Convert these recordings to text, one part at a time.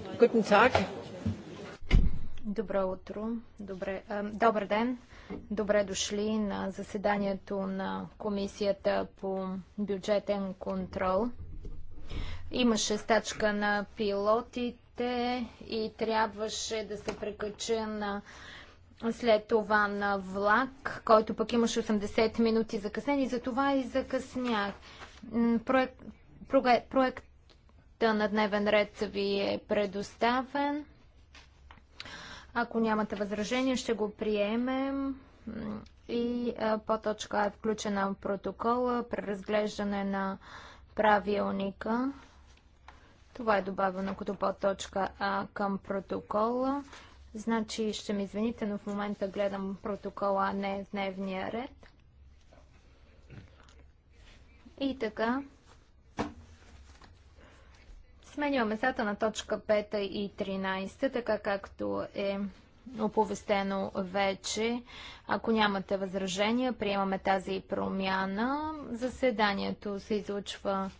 Guten Tag. Добро утро. Добре, добър ден. Добре дошли на заседанието на Комисията по бюджетен контрол. Имаше стачка на пилотите и трябваше да се прекача на след това на влак, който пък имаше 80 минути закъснение, затова и закъснях. проект, проект Проекта на дневен ред ви е предоставен. Ако нямате възражение, ще го приемем. И по точка е включена в протокола, преразглеждане на правилника. Това е добавено като подточка А към протокола. Значи ще ми извините, но в момента гледам протокола, а не дневния ред. И така, Сменяме местата на точка 5 и 13, така както е оповестено вече. Ако нямате възражения, приемаме тази промяна. Заседанието се излучва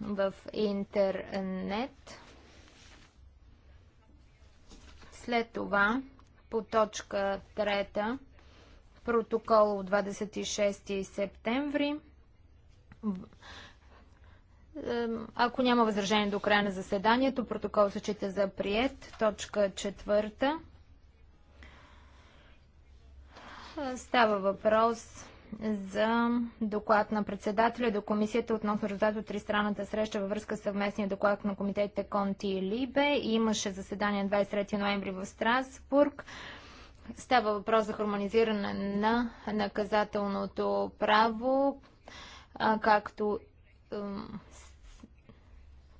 в интернет. След това по точка 3 протокол от 26 септември ако няма възражение до края на заседанието, протокол се чита за прият. Точка четвърта. Е, става въпрос за доклад на председателя до комисията относно резултат от тристранната среща във връзка с съвместния доклад на комитетите Конти и Либе. Имаше заседание на 23 ноември в Страсбург. Става въпрос за хармонизиране на наказателното право, както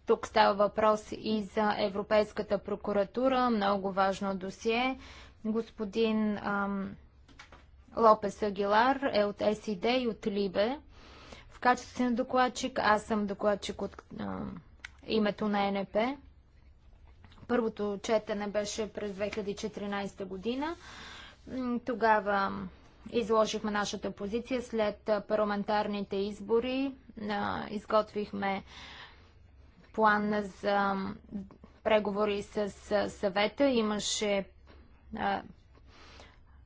тук става въпрос и за Европейската прокуратура, много важно досие. Господин ам, Лопес Агилар е от СИД и от Либе. В качеството си на докладчик, аз съм докладчик от ам, името на НП. Първото четене беше през 2014 година. Тогава изложихме нашата позиция след парламентарните избори. Изготвихме план за преговори с съвета. Имаше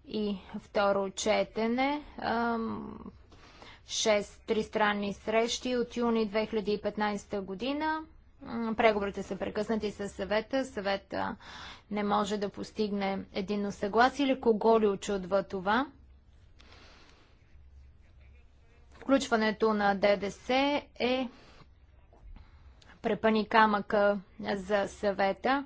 и второ четене. Шест тристранни срещи от юни 2015 година. Преговорите са прекъснати с съвета. Съвета не може да постигне единно съгласие или кого ли очудва това. Включването на ДДС е препани камъка за съвета.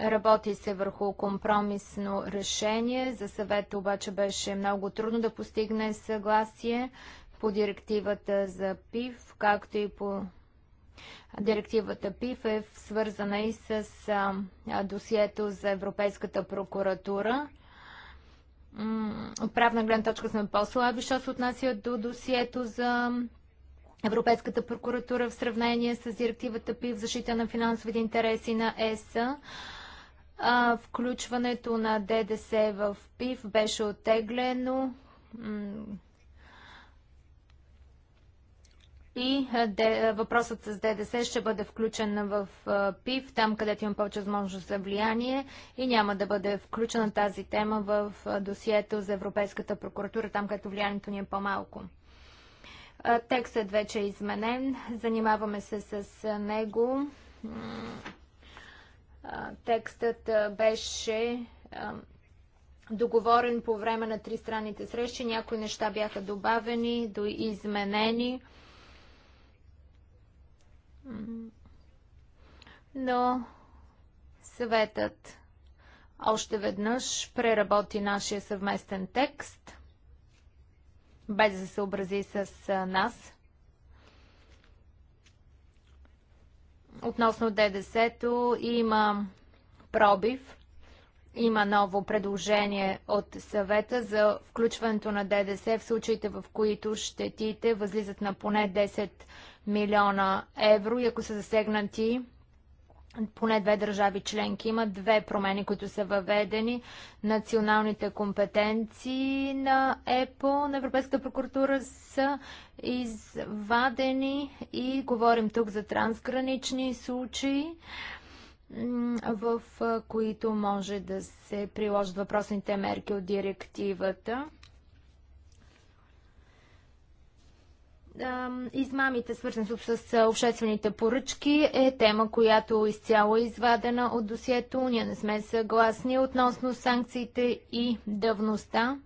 Работи се върху компромисно решение. За съвета обаче беше много трудно да постигне съгласие по директивата за ПИВ, както и по директивата ПИВ е свързана и с досието за Европейската прокуратура. От правна гледна точка сме по-слаби, що се отнася до досието за Европейската прокуратура в сравнение с директивата ПИВ защита на финансовите интереси на ЕС. включването на ДДС в ПИВ беше оттеглено и въпросът с ДДС ще бъде включен в ПИВ, там където има повече възможност за влияние и няма да бъде включена тази тема в досието за Европейската прокуратура, там където влиянието ни е по-малко. Текстът вече е изменен. Занимаваме се с него. Текстът беше договорен по време на тристранните срещи. Някои неща бяха добавени, доизменени. Но съветът още веднъж преработи нашия съвместен текст – без да се съобрази с нас. Относно ДДС-то има пробив. Има ново предложение от съвета за включването на ДДС в случаите, в които щетите възлизат на поне 10 милиона евро и ако са засегнати поне две държави членки. Има две промени, които са въведени. Националните компетенции на ЕПО, на Европейската прокуратура са извадени и говорим тук за трансгранични случаи в които може да се приложат въпросните мерки от директивата. измамите, свързани с обществените поръчки, е тема, която е изцяло е извадена от досието. Ние не сме съгласни относно санкциите и давността.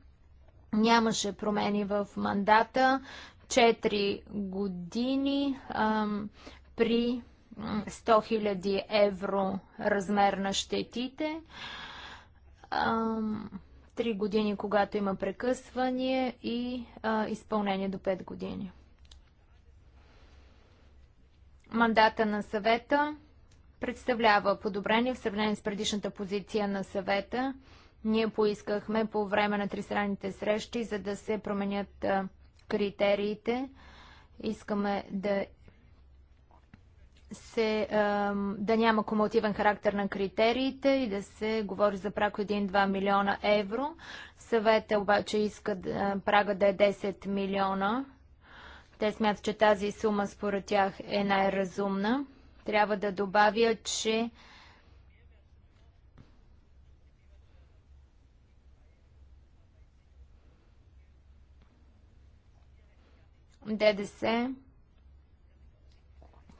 Нямаше промени в мандата. Четири години ам, при 100 000 евро размер на щетите. Ам, 3 години, когато има прекъсване и а, изпълнение до 5 години. Мандата на съвета представлява подобрение в сравнение с предишната позиция на съвета. Ние поискахме по време на тристранните срещи, за да се променят критериите. Искаме да се, да няма кумулативен характер на критериите и да се говори за прак 1-2 милиона евро. Съвета обаче иска прага да е 10 милиона евро те смятат, че тази сума според тях е най-разумна. Трябва да добавя, че ДДС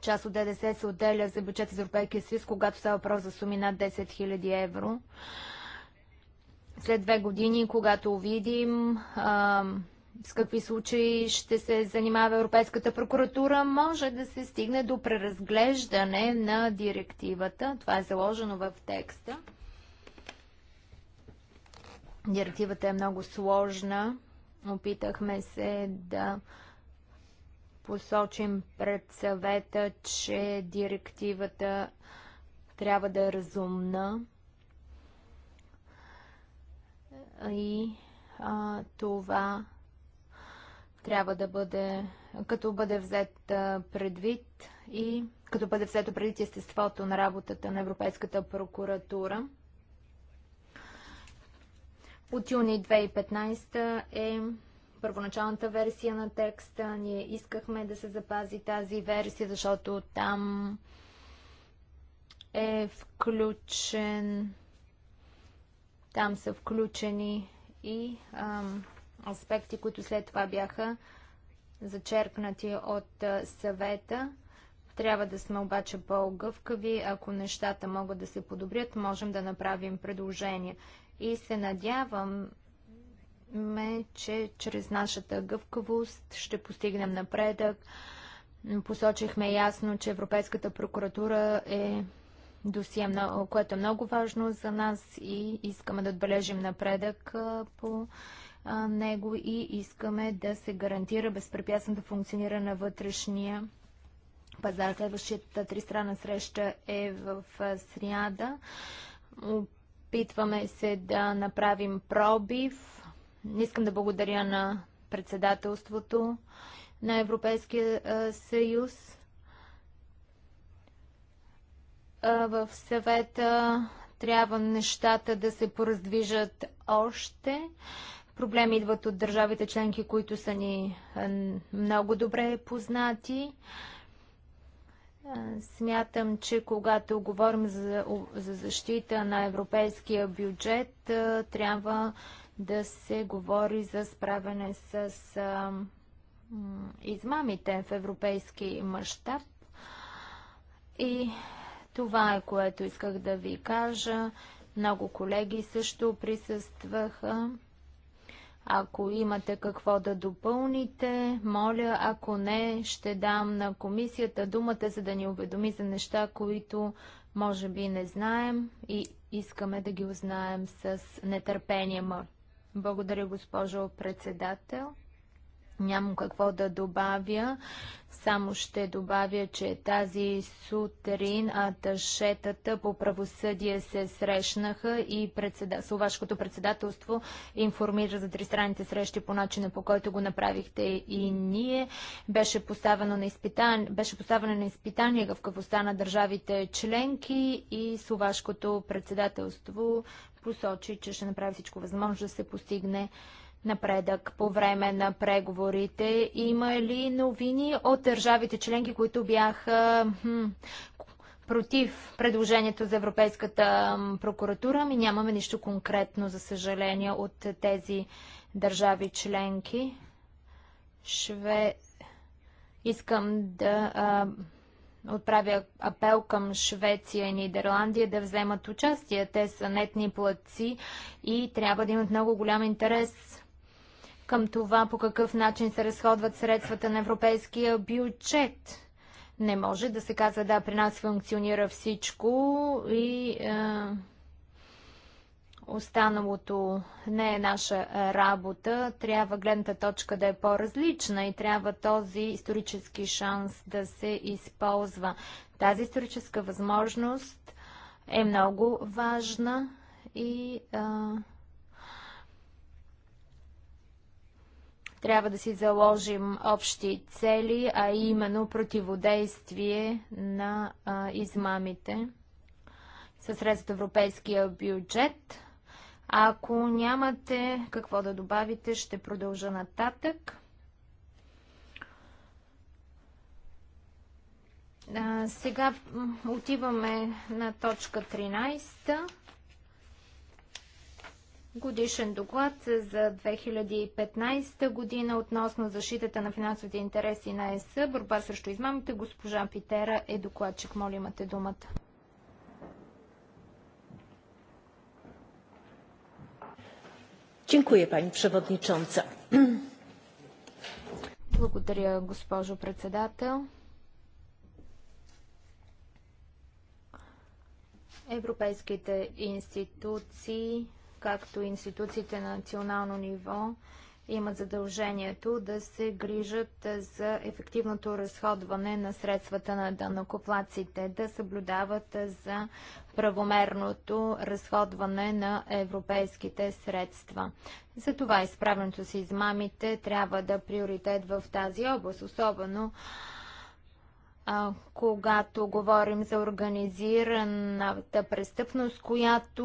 Част от ДДС се отделя за бюджет за Европейския съюз, когато става въпрос за суми над 10 000 евро. След две години, когато видим с какви случаи ще се занимава Европейската прокуратура, може да се стигне до преразглеждане на директивата. Това е заложено в текста. Директивата е много сложна. Опитахме се да посочим пред съвета, че директивата трябва да е разумна и а, това трябва да бъде, като бъде взет предвид и като бъде взето предвид естеството на работата на Европейската прокуратура. От юни 2015 е първоначалната версия на текста. Ние искахме да се запази тази версия, защото там е включен там са включени и ам, аспекти, които след това бяха зачеркнати от съвета. Трябва да сме обаче по-гъвкави. Ако нещата могат да се подобрят, можем да направим предложение. И се надяваме, че чрез нашата гъвкавост ще постигнем напредък. Посочихме ясно, че Европейската прокуратура е досие, което е много важно за нас и искаме да отбележим напредък по него и искаме да се гарантира безпрепятственото функциониране на вътрешния пазар. Следващата тристранна среща е в сряда. Опитваме се да направим пробив. Искам да благодаря на председателството на Европейския съюз. В съвета трябва нещата да се пораздвижат още. Проблеми идват от държавите членки, които са ни много добре познати. Смятам, че когато говорим за, за защита на европейския бюджет, трябва да се говори за справяне с а, измамите в европейски мащаб. И това е което исках да ви кажа. Много колеги също присъстваха. Ако имате какво да допълните, моля, ако не, ще дам на комисията думата, за да ни уведоми за неща, които може би не знаем и искаме да ги узнаем с нетърпение. Благодаря, госпожо председател. Нямам какво да добавя. Само ще добавя, че тази сутрин аташетата по правосъдие се срещнаха и председа... Словашкото председателство информира за тристранните срещи по начина по който го направихте и ние. Беше поставено на изпитание, беше поставено на изпитание гъвкавостта на държавите членки и Словашкото председателство посочи, че ще направи всичко възможно да се постигне напредък по време на преговорите? Има ли новини от държавите членки, които бяха хм, против предложението за Европейската прокуратура? Ми нямаме нищо конкретно, за съжаление, от тези държави членки. Шве... Искам да а, отправя апел към Швеция и Нидерландия да вземат участие. Те са нетни платци и трябва да имат много голям интерес към това по какъв начин се разходват средствата на европейския бюджет. Не може да се казва, да, при нас функционира всичко и е, останалото не е наша работа. Трябва гледната точка да е по-различна и трябва този исторически шанс да се използва. Тази историческа възможност е много важна и е, Трябва да си заложим общи цели, а именно противодействие на а, измамите със средства европейския бюджет. Ако нямате какво да добавите, ще продължа нататък. А, сега отиваме на точка 13 годишен доклад за 2015 година относно защитата на финансовите интереси на ЕС, борба срещу измамите. Госпожа Питера е докладчик. Моля, имате думата. Благодаря, госпожо председател. Европейските институции както институциите на национално ниво имат задължението да се грижат за ефективното разходване на средствата на данокоплаците, да съблюдават за правомерното разходване на европейските средства. Затова изправенето с измамите трябва да е приоритет в тази област, особено а, когато говорим за организираната престъпност, която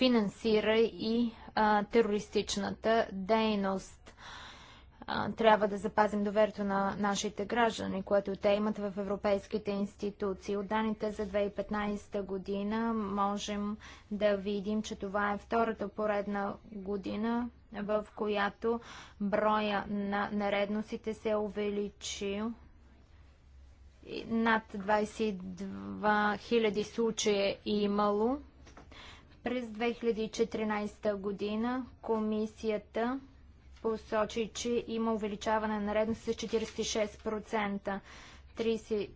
финансира и а, терористичната дейност. А, трябва да запазим доверието на нашите граждани, което те имат в европейските институции. От данните за 2015 година можем да видим, че това е втората поредна година, в която броя на наредностите се е увеличил над 22 000 случая е имало. През 2014 година комисията посочи, че има увеличаване на редност с 46%. 30,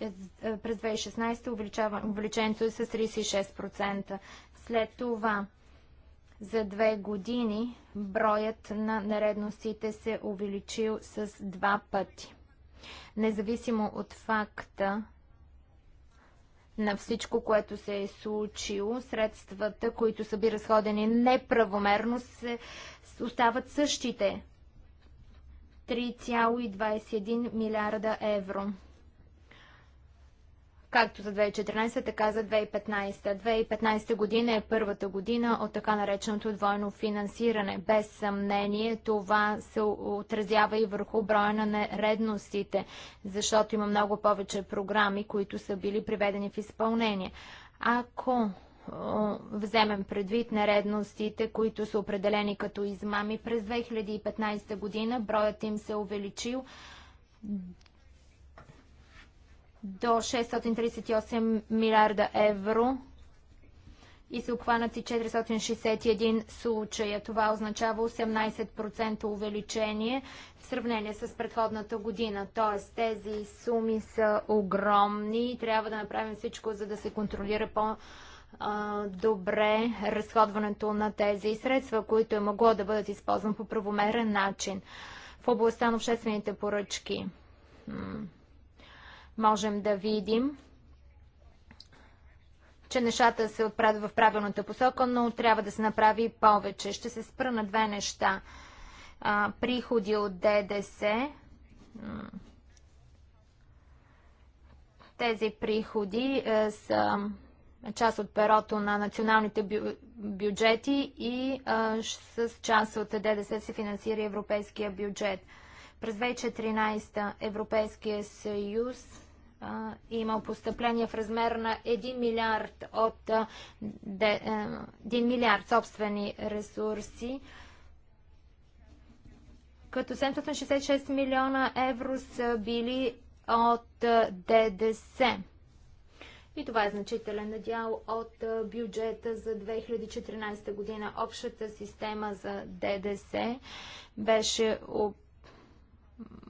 е, е, през 2016 увеличението е с 36%. След това за две години броят на нередностите се увеличил с два пъти. Независимо от факта, на всичко, което се е случило. Средствата, които са би разходени неправомерно, се, остават същите. 3,21 милиарда евро както за 2014, така за 2015. 2015 година е първата година от така нареченото двойно финансиране. Без съмнение това се отразява и върху броя на нередностите, защото има много повече програми, които са били приведени в изпълнение. Ако вземем предвид нередностите, които са определени като измами през 2015 година, броят им се е увеличил до 638 милиарда евро и са обхванати 461 случая. Това означава 18% увеличение в сравнение с предходната година. Тоест тези суми са огромни и трябва да направим всичко, за да се контролира по- добре разходването на тези средства, които е могло да бъдат използвани по правомерен начин в областта на обществените поръчки можем да видим, че нещата се отправят в правилната посока, но трябва да се направи повече. Ще се спра на две неща. приходи от ДДС. Тези приходи е, са част от перото на националните бюджети и е, с част от ДДС се финансира европейския бюджет. През 2014 Европейския съюз имал постъпления в размер на 1 милиард от 1 милиард собствени ресурси, като 766 милиона евро са били от ДДС. И това е значителен надял от бюджета за 2014 година. Общата система за ДДС беше обявена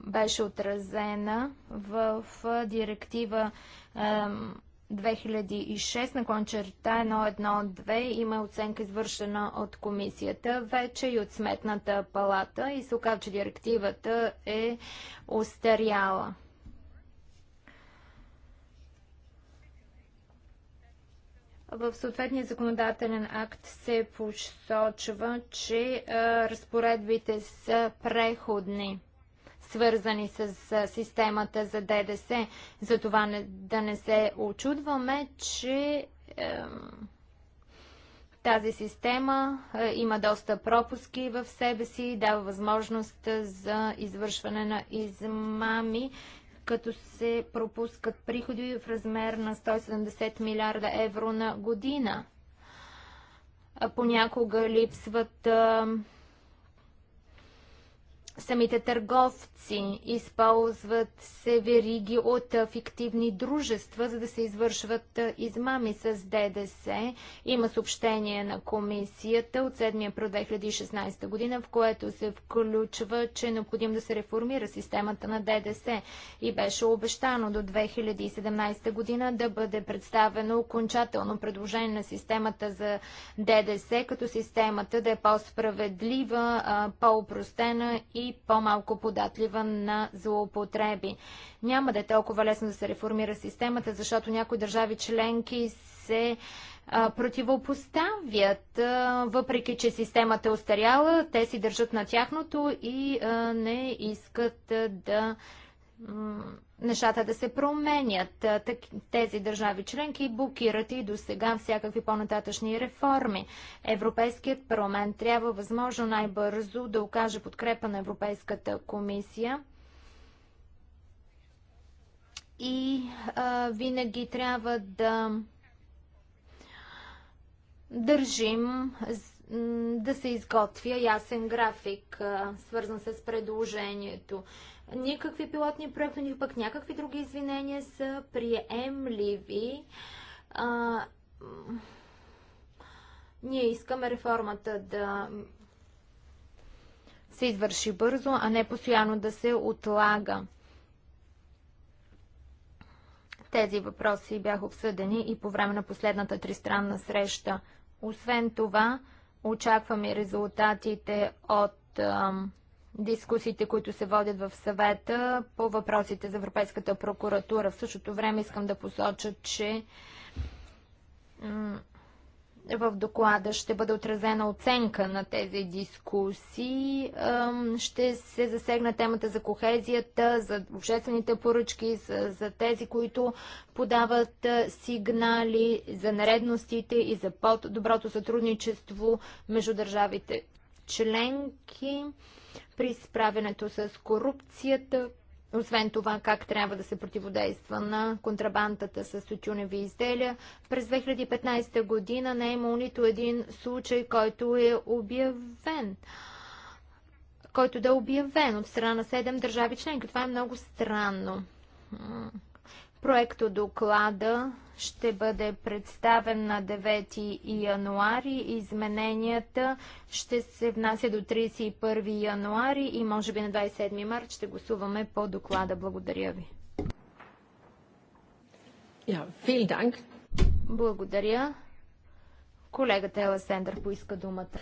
беше отразена в директива 2006 на кончерта 112 има оценка извършена от комисията вече и от сметната палата и се оказва, че директивата е остаряла. В съответния законодателен акт се посочва, че разпоредбите са преходни свързани с системата за ДДС. Затова не, да не се очудваме, че е, тази система е, има доста пропуски в себе си и дава възможност за извършване на измами, като се пропускат приходи в размер на 170 милиарда евро на година. Понякога липсват е, Самите търговци използват се вериги от фиктивни дружества, за да се извършват измами с ДДС. Има съобщение на комисията от 7 април 2016 година, в което се включва, че е необходимо да се реформира системата на ДДС и беше обещано до 2017 година да бъде представено окончателно предложение на системата за ДДС, като системата да е по-справедлива, по-упростена и по-малко податлива на злоупотреби. Няма да е толкова лесно да се реформира системата, защото някои държави членки се противопоставят, въпреки че системата е устаряла, те си държат на тяхното и не искат да нещата да се променят. Тези държави членки блокират и до сега всякакви по-нататъчни реформи. Европейският парламент трябва възможно най-бързо да окаже подкрепа на Европейската комисия. И а, винаги трябва да държим да се изготвя ясен график, а, свързан с предложението никакви пилотни проекти, пък някакви други извинения са приемливи. А, ние искаме реформата да се извърши бързо, а не постоянно да се отлага. Тези въпроси бяха обсъдени и по време на последната тристранна среща. Освен това, очакваме резултатите от ам, дискусиите, които се водят в съвета по въпросите за Европейската прокуратура. В същото време искам да посоча, че в доклада ще бъде отразена оценка на тези дискусии. Ще се засегна темата за кохезията, за обществените поръчки, за, тези, които подават сигнали за нередностите и за по-доброто сътрудничество между държавите членки при справянето с корупцията, освен това как трябва да се противодейства на контрабандата с тютюневи изделия. През 2015 година не е имал нито един случай, който е обявен който да е обявен от страна на 7 държави членки. Това е много странно. Проекто доклада ще бъде представен на 9 януари. Измененията ще се внася до 31 януари и може би на 27 март ще гласуваме по доклада. Благодаря ви. Благодаря. Колегата Ела Сендър поиска думата.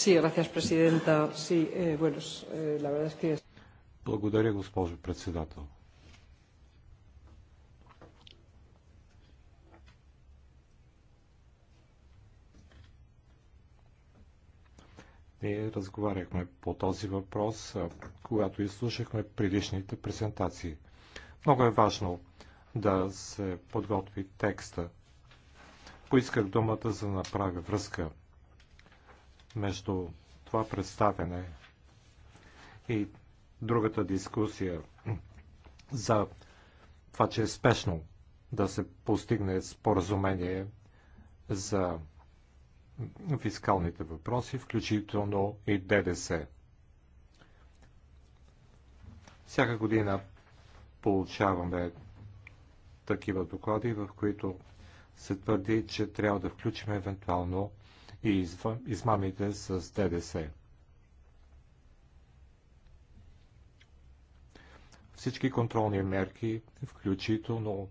Sí, gracias, presidenta. Sí, eh, bueno, eh, la verdad es que... Благодаря, госпожо председател. Ние разговаряхме по този въпрос, когато изслушахме предишните презентации. Много е важно да се подготви текста. Поисках думата, за да направя връзка между това представяне и другата дискусия за това, че е спешно да се постигне споразумение за фискалните въпроси, включително и ДДС. Всяка година получаваме такива доклади, в които се твърди, че трябва да включим евентуално и измамите с ДДС. Всички контролни мерки, включително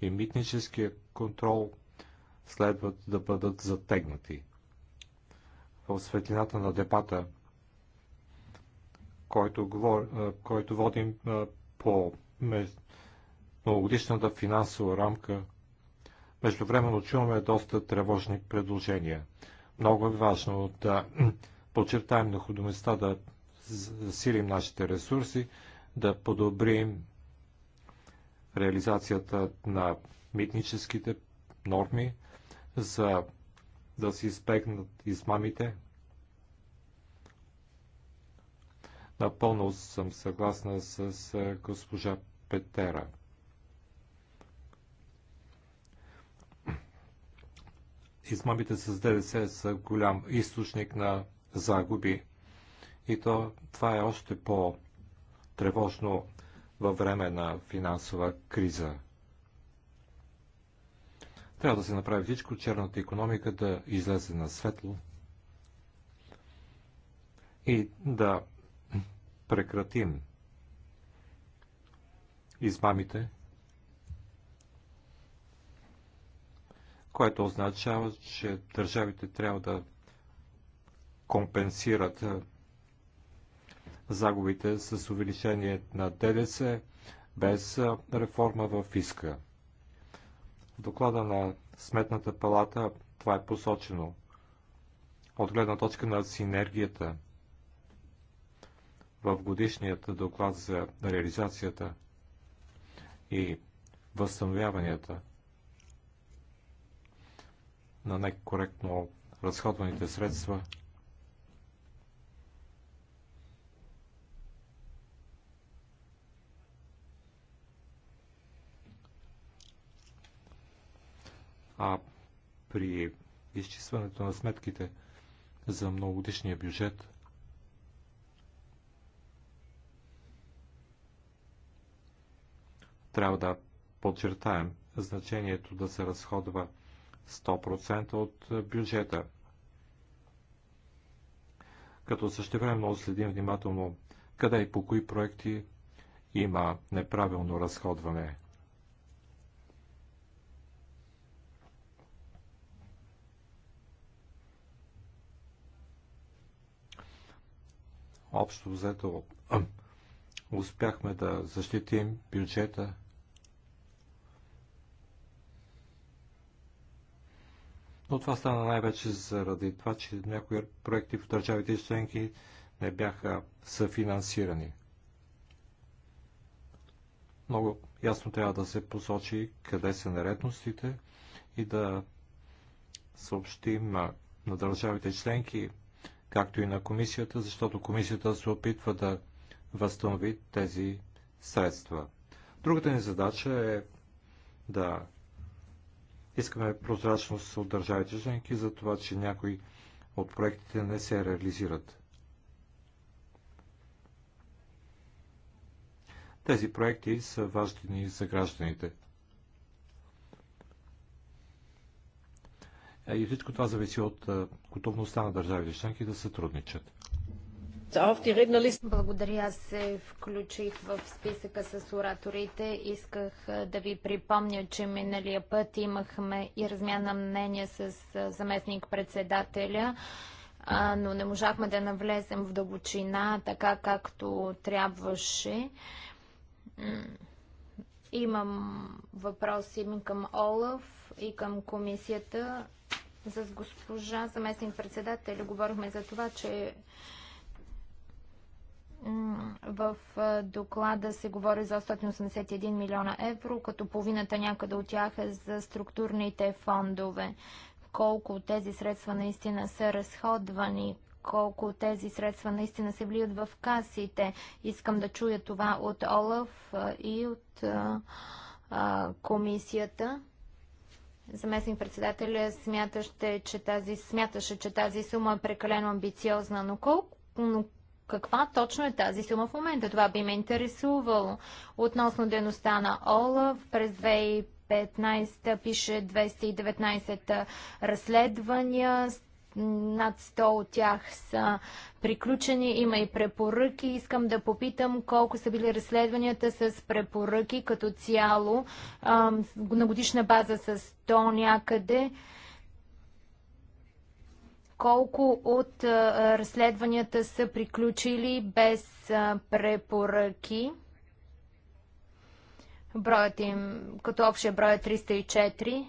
и митническия контрол, следват да бъдат затегнати в светлината на дебата, който, говор... който водим по многогодишната финансова рамка. Междувременно чуваме доста тревожни предложения. Много е важно да подчертаем необходимостта да засилим нашите ресурси, да подобрим реализацията на митническите норми за да се избегнат измамите. Напълно съм съгласна с госпожа Петера. Измамите с ДДС са голям източник на загуби. И то, това е още по-тревожно във време на финансова криза. Трябва да се направи всичко черната економика да излезе на светло и да прекратим измамите, което означава, че държавите трябва да компенсират загубите с увеличение на ДДС без реформа в фиска доклада на Сметната палата това е посочено от гледна точка на синергията в годишният доклад за реализацията и възстановяванията на некоректно разходваните средства – а при изчистването на сметките за многогодишния бюджет трябва да подчертаем значението да се разходва 100% от бюджета. Като много следим внимателно къде и по кои проекти има неправилно разходване – общо взето успяхме да защитим бюджета. Но това стана най-вече заради това, че някои проекти в държавите членки не бяха съфинансирани. Много ясно трябва да се посочи къде са нередностите и да съобщим на държавите членки както и на комисията, защото комисията се опитва да възстанови тези средства. Другата ни задача е да искаме прозрачност от държавите членки за това, че някои от проектите не се реализират. Тези проекти са важни за гражданите – Е, и всичко това зависи от е, готовността на държавите членки да сътрудничат. Благодаря, се включих в списъка с ораторите. Исках е, да ви припомня, че миналия път имахме и размяна мнение с заместник-председателя, но не можахме да навлезем в дълбочина така както трябваше. Имам въпроси към Олаф и към комисията. С госпожа заместник председател говорихме за това, че в доклада се говори за 181 милиона евро, като половината някъде от тях е за структурните фондове. Колко от тези средства наистина са разходвани, колко тези средства наистина се влият в касите. Искам да чуя това от Олаф и от а, а, комисията заместник председателя смяташе, че тази, смяташе, че тази сума е прекалено амбициозна, но, колко, но каква точно е тази сума в момента? Това би ме интересувало. Относно дейността на ОЛАВ през 2015 пише 219 разследвания, над 100 от тях са приключени. Има и препоръки. Искам да попитам колко са били разследванията с препоръки като цяло на годишна база с 100 някъде. Колко от разследванията са приключили без препоръки? Броят им, като общия брой е 304.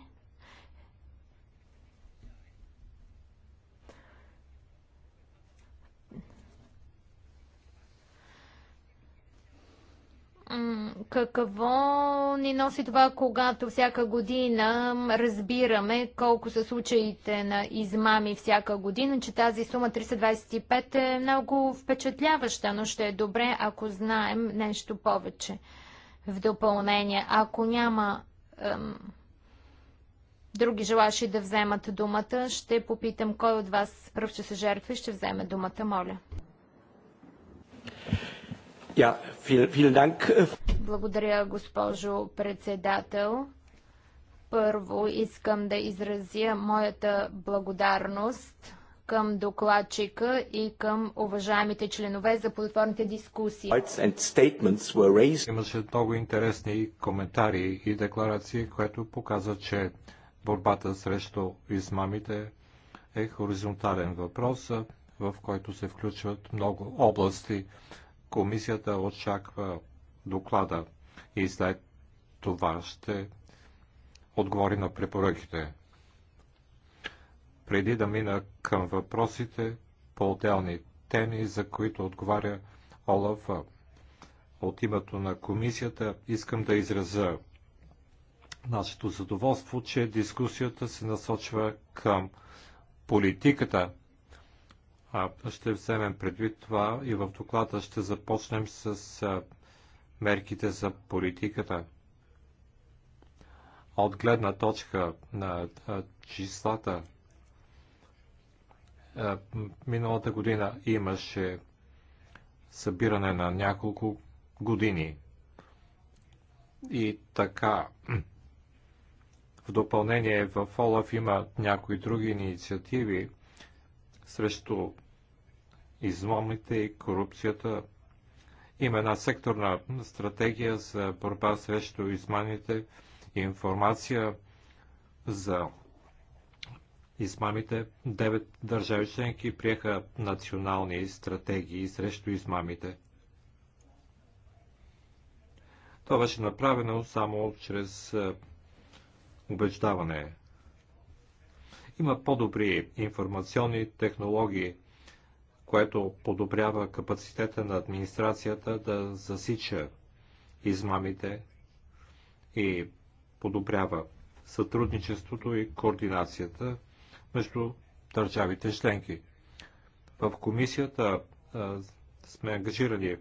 какво ни носи това, когато всяка година разбираме колко са случаите на измами всяка година, че тази сума 325 е много впечатляваща, но ще е добре, ако знаем нещо повече в допълнение. Ако няма ем, други желаши да вземат думата, ще попитам кой от вас пръв че се жертва и ще вземе думата, моля. Благодаря, госпожо председател. Първо искам да изразя моята благодарност към докладчика и към уважаемите членове за плодотворните дискусии. Имаше много интересни коментари и декларации, което показва, че борбата срещу измамите е хоризонтален въпрос, в който се включват много области Комисията очаква доклада и след това ще отговори на препоръките. Преди да мина към въпросите по отделни теми, за които отговаря Олаф, от името на комисията искам да изразя нашето задоволство, че дискусията се насочва към политиката ще вземем предвид това и в доклада ще започнем с мерките за политиката. От гледна точка на числата, миналата година имаше събиране на няколко години. И така, в допълнение в Олаф има някои други инициативи срещу Измамите и корупцията. Има една секторна стратегия за борба срещу измамите и информация за измамите. Девет държави членки приеха национални стратегии срещу измамите. Това беше направено само чрез е, убеждаване. Има по-добри информационни технологии което подобрява капацитета на администрацията да засича измамите и подобрява сътрудничеството и координацията между държавите членки. В комисията а, сме ангажирани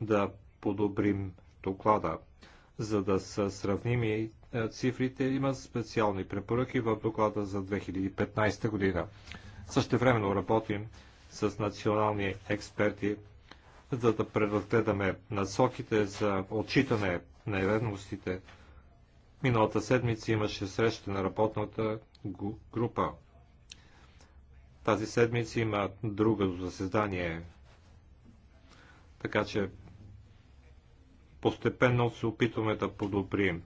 да подобрим доклада, за да са сравними цифрите. Има специални препоръки в доклада за 2015 година. Също времено работим с национални експерти, за да преразгледаме насоките за отчитане на нередностите. Миналата седмица имаше среща на работната група. Тази седмица има друго заседание. Така че постепенно се опитваме да подобрим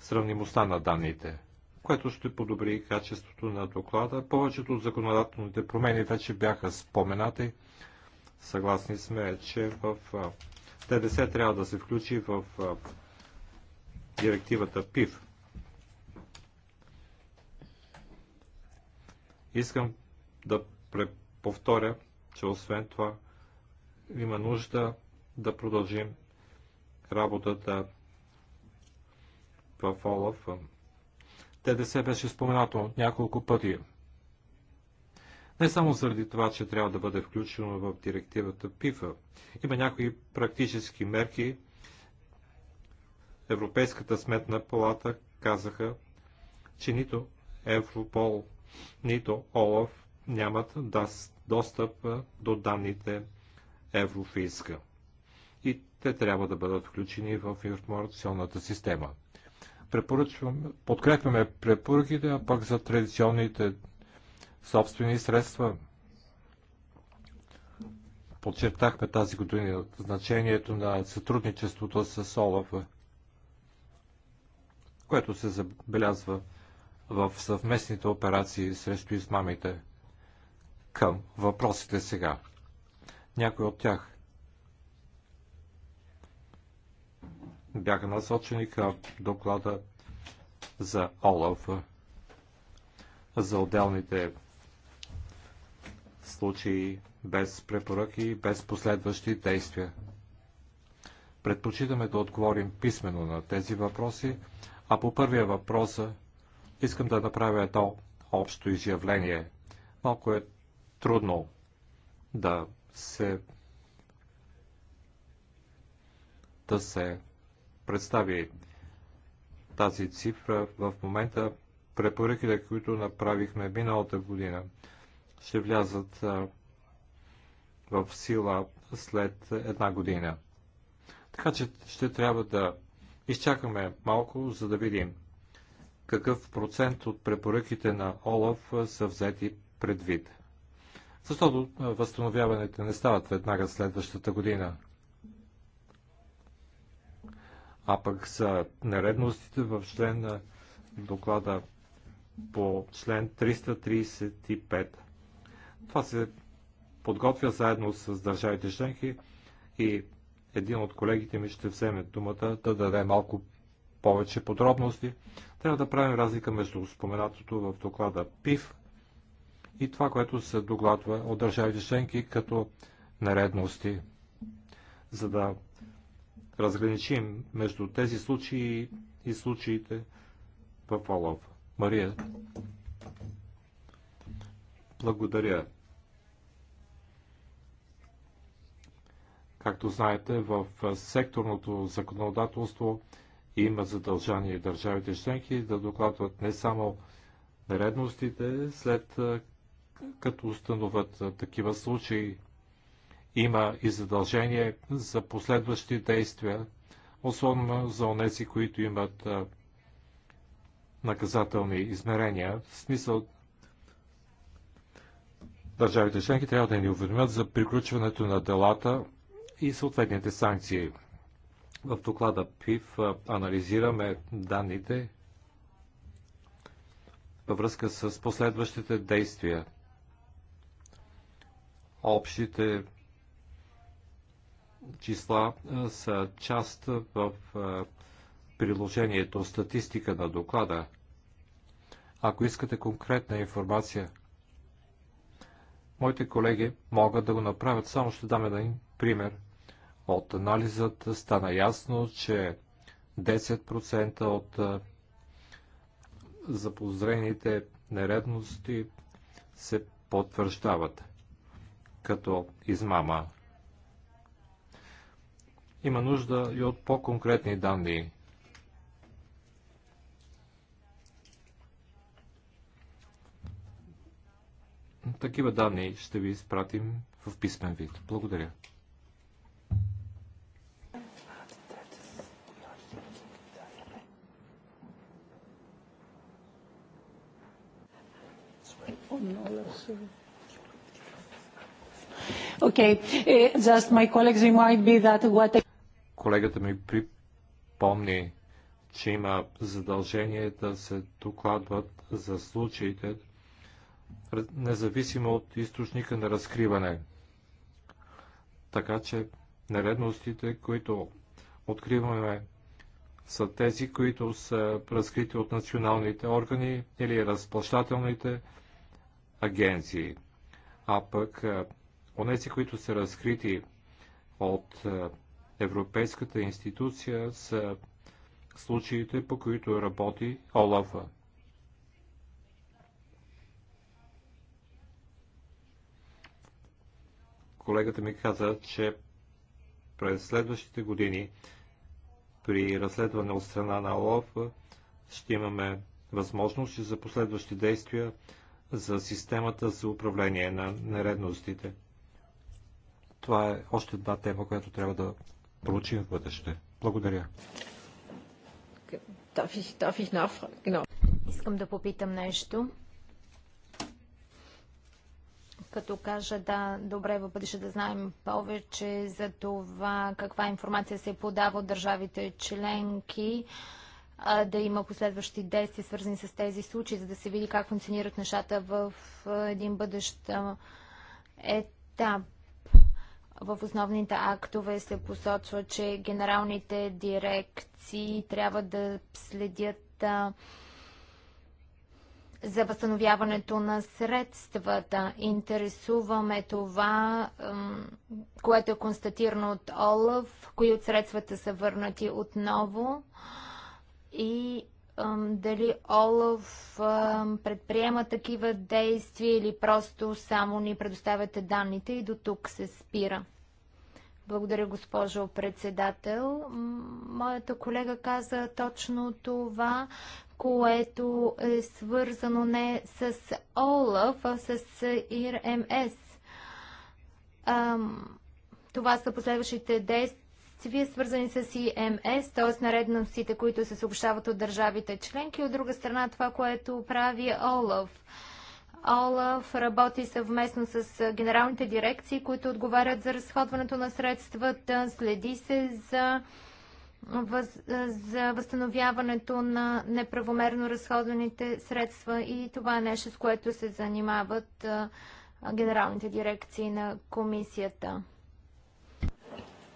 сравнимостта на данните което ще подобри качеството на доклада. Повечето от законодателните промени вече бяха споменати. Съгласни сме, че в ТДС трябва да се включи в директивата ПИВ. Искам да повторя, че освен това има нужда да продължим работата в ОЛАФ ТДС беше споменато няколко пъти. Не само заради това, че трябва да бъде включено в директивата ПИФА. Има някои практически мерки. Европейската сметна палата казаха, че нито Европол, нито ОЛАФ нямат достъп до данните Еврофиска. И те трябва да бъдат включени в информационната система подкрепяме препоръките, а пък за традиционните собствени средства. Подчертахме тази година значението на сътрудничеството с ОЛАФ, което се забелязва в съвместните операции срещу измамите. Към въпросите сега. Някои от тях бяха насочени към доклада за Олаф, за отделните случаи без препоръки, без последващи действия. Предпочитаме да отговорим писменно на тези въпроси, а по първия въпрос искам да направя едно общо изявление. Малко е трудно да се да се представи тази цифра в момента препоръките, които направихме миналата година, ще влязат в сила след една година. Така че ще трябва да изчакаме малко, за да видим какъв процент от препоръките на Олаф са взети предвид. Защото възстановяването не стават веднага следващата година. А пък за нередностите в член на доклада по член 335. Това се подготвя заедно с държавите членки и един от колегите ми ще вземе думата да даде малко повече подробности. Трябва да правим разлика между споменатото в доклада ПИВ и това, което се докладва от държавите членки като наредности, за да разграничим между тези случаи и случаите в Олов. Мария, благодаря. Както знаете, в секторното законодателство има задължание държавите членки да докладват не само нередностите, след като установят такива случаи, има и задължение за последващи действия, особено за онези, които имат наказателни измерения. В смисъл, държавите членки трябва да ни уведомят за приключването на делата и съответните санкции. В доклада ПИВ анализираме данните във връзка с последващите действия, общите числа са част в приложението статистика на доклада. Ако искате конкретна информация, моите колеги могат да го направят. Само ще дам един пример. От анализът стана ясно, че 10% от запозрените нередности се потвърждават като измама. Има нужда и от по-конкретни данни. Такива данни ще ви изпратим в писмен вид. Благодаря. Okay, uh, just my colleagues remind me that what I Колегата ми припомни, че има задължение да се докладват за случаите, независимо от източника на разкриване. Така че нередностите, които откриваме, са тези, които са разкрити от националните органи или разплащателните агенции. А пък онези, които са разкрити от Европейската институция са случаите, по които работи Олафа. Колегата ми каза, че през следващите години при разследване от страна на ОЛАФ ще имаме възможности за последващи действия за системата за управление на нередностите. Това е още една тема, която трябва да проучим в бъдеще. Благодаря. Искам да попитам нещо. Като кажа да, добре в бъдеще да знаем повече за това каква информация се подава от държавите членки, да има последващи действия, свързани с тези случаи, за да се види как функционират нещата в един бъдещ етап. В основните актове се посочва, че генералните дирекции трябва да следят за възстановяването на средствата. Интересуваме това, което е констатирано от Олаф, кои от средствата са върнати отново и дали Олаф предприема такива действия или просто само ни предоставяте данните и до тук се спира. Благодаря, госпожо председател. Моята колега каза точно това, което е свързано не с Олаф, а с ИРМС. Това са последващите действия вие свързани с ИМС, т.е. наредностите, които се съобщават от държавите членки. От друга страна, това, което прави ОЛАФ. ОЛАФ работи съвместно с генералните дирекции, които отговарят за разходването на средствата, следи се за въз, за възстановяването на неправомерно разходваните средства и това е нещо, с което се занимават генералните дирекции на комисията.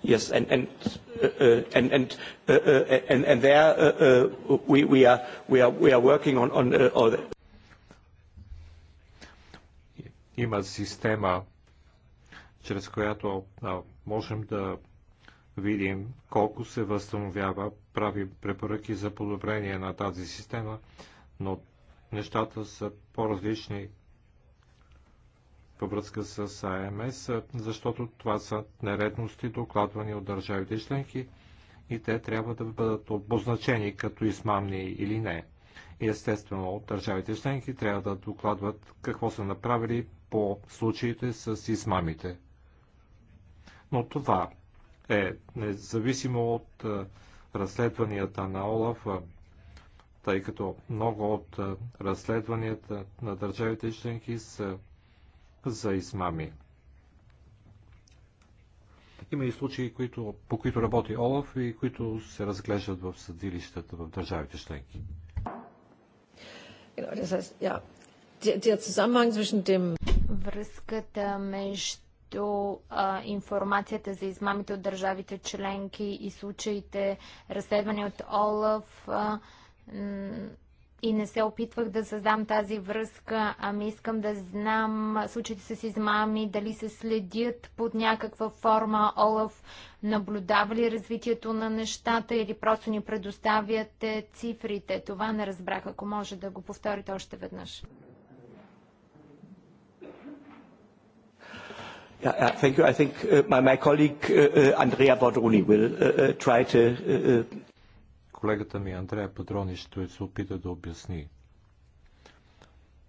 Yes, and there we are working on all uh, the. Има система, чрез която можем да видим колко се възстановява, прави препоръки за подобрение на тази система, но нещата са по-различни във връзка с АМС, защото това са нередности, докладвани от държавите членки и те трябва да бъдат обозначени като измамни или не. И естествено, държавите членки трябва да докладват какво са направили по случаите с измамите. Но това е независимо от е, разследванията на ОЛАФ, е, тъй като много от е, разследванията на държавите членки са за измами. Има и случаи, които, по които работи ОЛАФ и които се разглеждат в съдилищата в държавите членки. Връзката между а, информацията за измамите от държавите членки и случаите разследвани от ОЛАФ а, и не се опитвах да създам тази връзка, ами искам да знам случаите с измами, дали се следят под някаква форма. Олаф наблюдава ли развитието на нещата или просто ни предоставяте цифрите? Това не разбрах, ако може да го повторите още веднъж. Yeah, thank you. I think uh, my, my colleague uh, uh, Andrea Bordroni will try to Колегата ми Андрея Патрони ще се опита да обясни.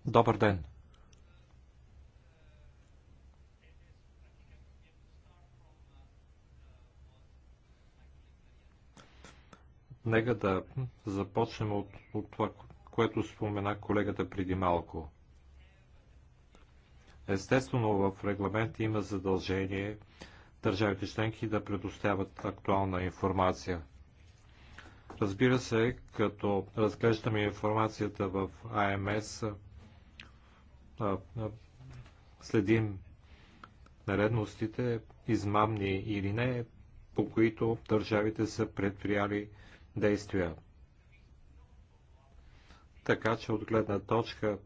Добър ден! Нека да започнем от, от това, което спомена колегата преди малко. Естествено, в регламент има задължение държавите членки да предоставят актуална информация. Разбира се, като разглеждаме информацията в АМС, следим наредностите, измамни или не, по които държавите са предприяли действия. Така че от гледна точка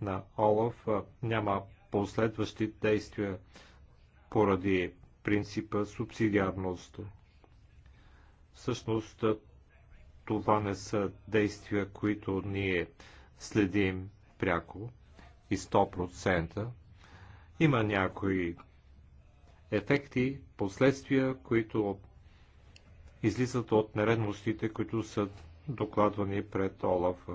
на Олаф няма последващи действия поради принципа субсидиарност. Всъщност това не са действия, които ние следим пряко и 100%. Има някои ефекти, последствия, които излизат от нередностите, които са докладвани пред Олаф.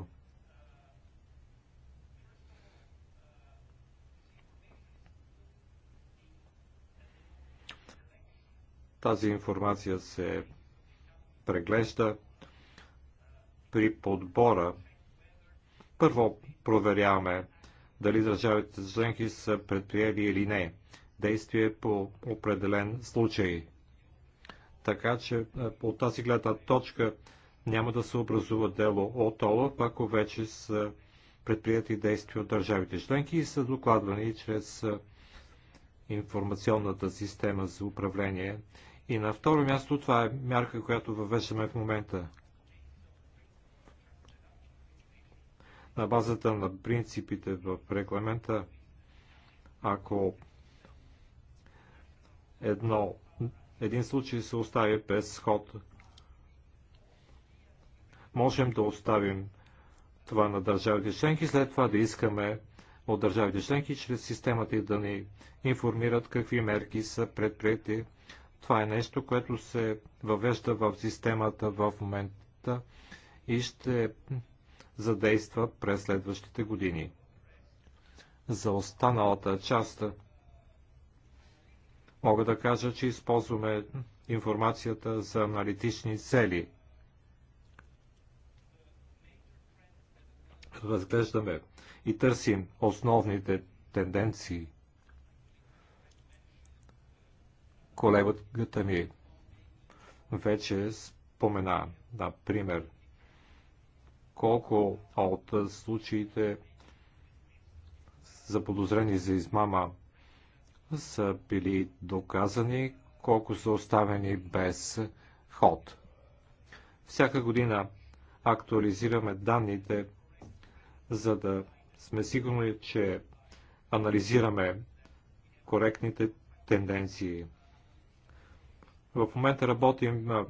Тази информация се преглежда при подбора. Първо проверяваме дали държавите членки са предприели или не действие по определен случай. Така че от тази гледна точка няма да се образува дело от ОЛА, ако вече са предприяти действия от държавите членки и са докладвани чрез информационната система за управление. И на второ място това е мярка, която въвеждаме в момента. на базата на принципите в регламента, ако едно, един случай се остави без ход, можем да оставим това на държавите членки, след това да искаме от държавите членки чрез системата и да ни информират какви мерки са предприяти. Това е нещо, което се въвежда в системата в момента и ще задейства през следващите години. За останалата част мога да кажа, че използваме информацията за аналитични цели. Разглеждаме и търсим основните тенденции. Колегата ми вече спомена, например, да, колко от случаите за подозрени за измама са били доказани, колко са оставени без ход. Всяка година актуализираме данните, за да сме сигурни, че анализираме коректните тенденции. В момента работим на,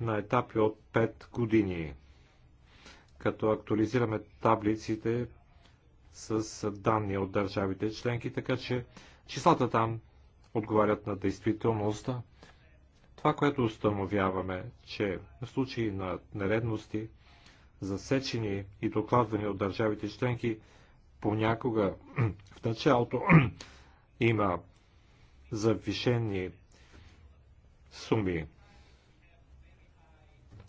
на етапи от 5 години като актуализираме таблиците с данни от държавите членки, така че числата там отговарят на действителността. Това, което установяваме, че в случаи на нередности, засечени и докладвани от държавите членки, понякога в началото има завишени суми.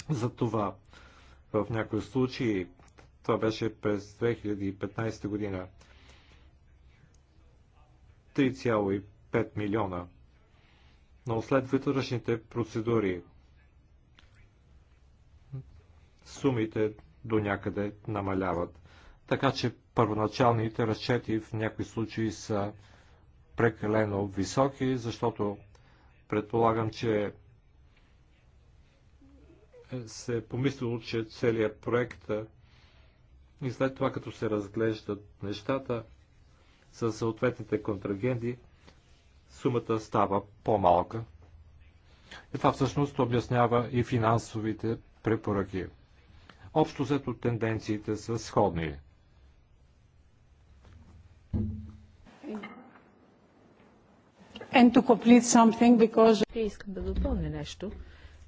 Затова в някои случаи. Това беше през 2015 година. 3,5 милиона. Но след вътрешните процедури сумите до някъде намаляват. Така че първоначалните разчети в някои случаи са прекалено високи, защото предполагам, че се е помислило, че целият проект и след това, като се разглеждат нещата с съответните контрагенти, сумата става по-малка. И това всъщност обяснява и финансовите препоръки. Общо взето тенденциите са сходни. And to complete something because... искам да допълня нещо,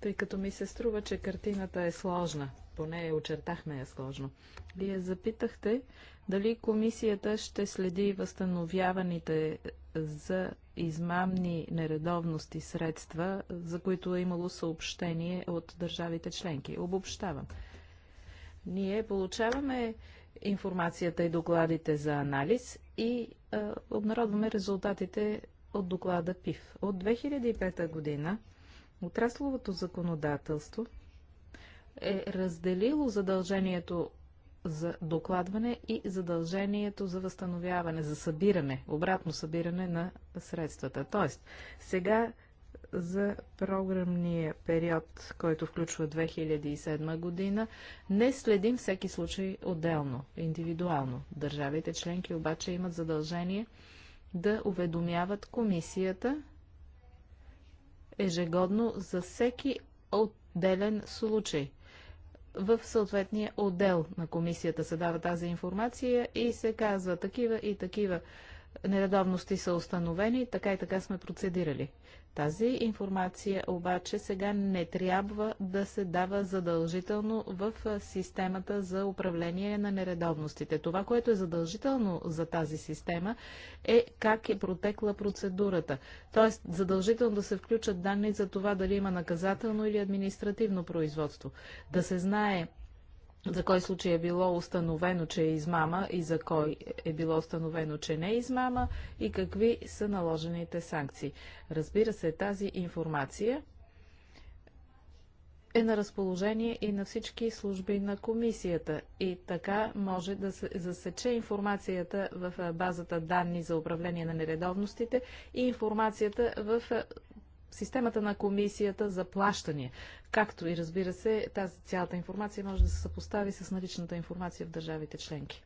тъй като ми се струва, че картината е сложна. Поне очертахме я сложно. Вие запитахте дали комисията ще следи възстановяваните за измамни нередовности средства, за които е имало съобщение от държавите членки. Обобщавам. Ние получаваме информацията и докладите за анализ и а, обнародваме резултатите от доклада ПИФ. От 2005 година Отрасловото законодателство е разделило задължението за докладване и задължението за възстановяване, за събиране, обратно събиране на средствата. Тоест, сега за програмния период, който включва 2007 година, не следим всеки случай отделно, индивидуално. Държавите членки обаче имат задължение да уведомяват комисията ежегодно за всеки отделен случай. В съответния отдел на комисията се дава тази информация и се казва такива и такива нередовности са установени, така и така сме процедирали. Тази информация обаче сега не трябва да се дава задължително в системата за управление на нередовностите. Това, което е задължително за тази система е как е протекла процедурата. Тоест задължително да се включат данни за това дали има наказателно или административно производство. Да се знае за кой случай е било установено, че е измама и за кой е било установено, че не е измама и какви са наложените санкции. Разбира се, тази информация е на разположение и на всички служби на комисията и така може да се засече информацията в базата данни за управление на нередовностите и информацията в системата на комисията за плащания. Както и разбира се, тази цялата информация може да се съпостави с наличната информация в държавите членки.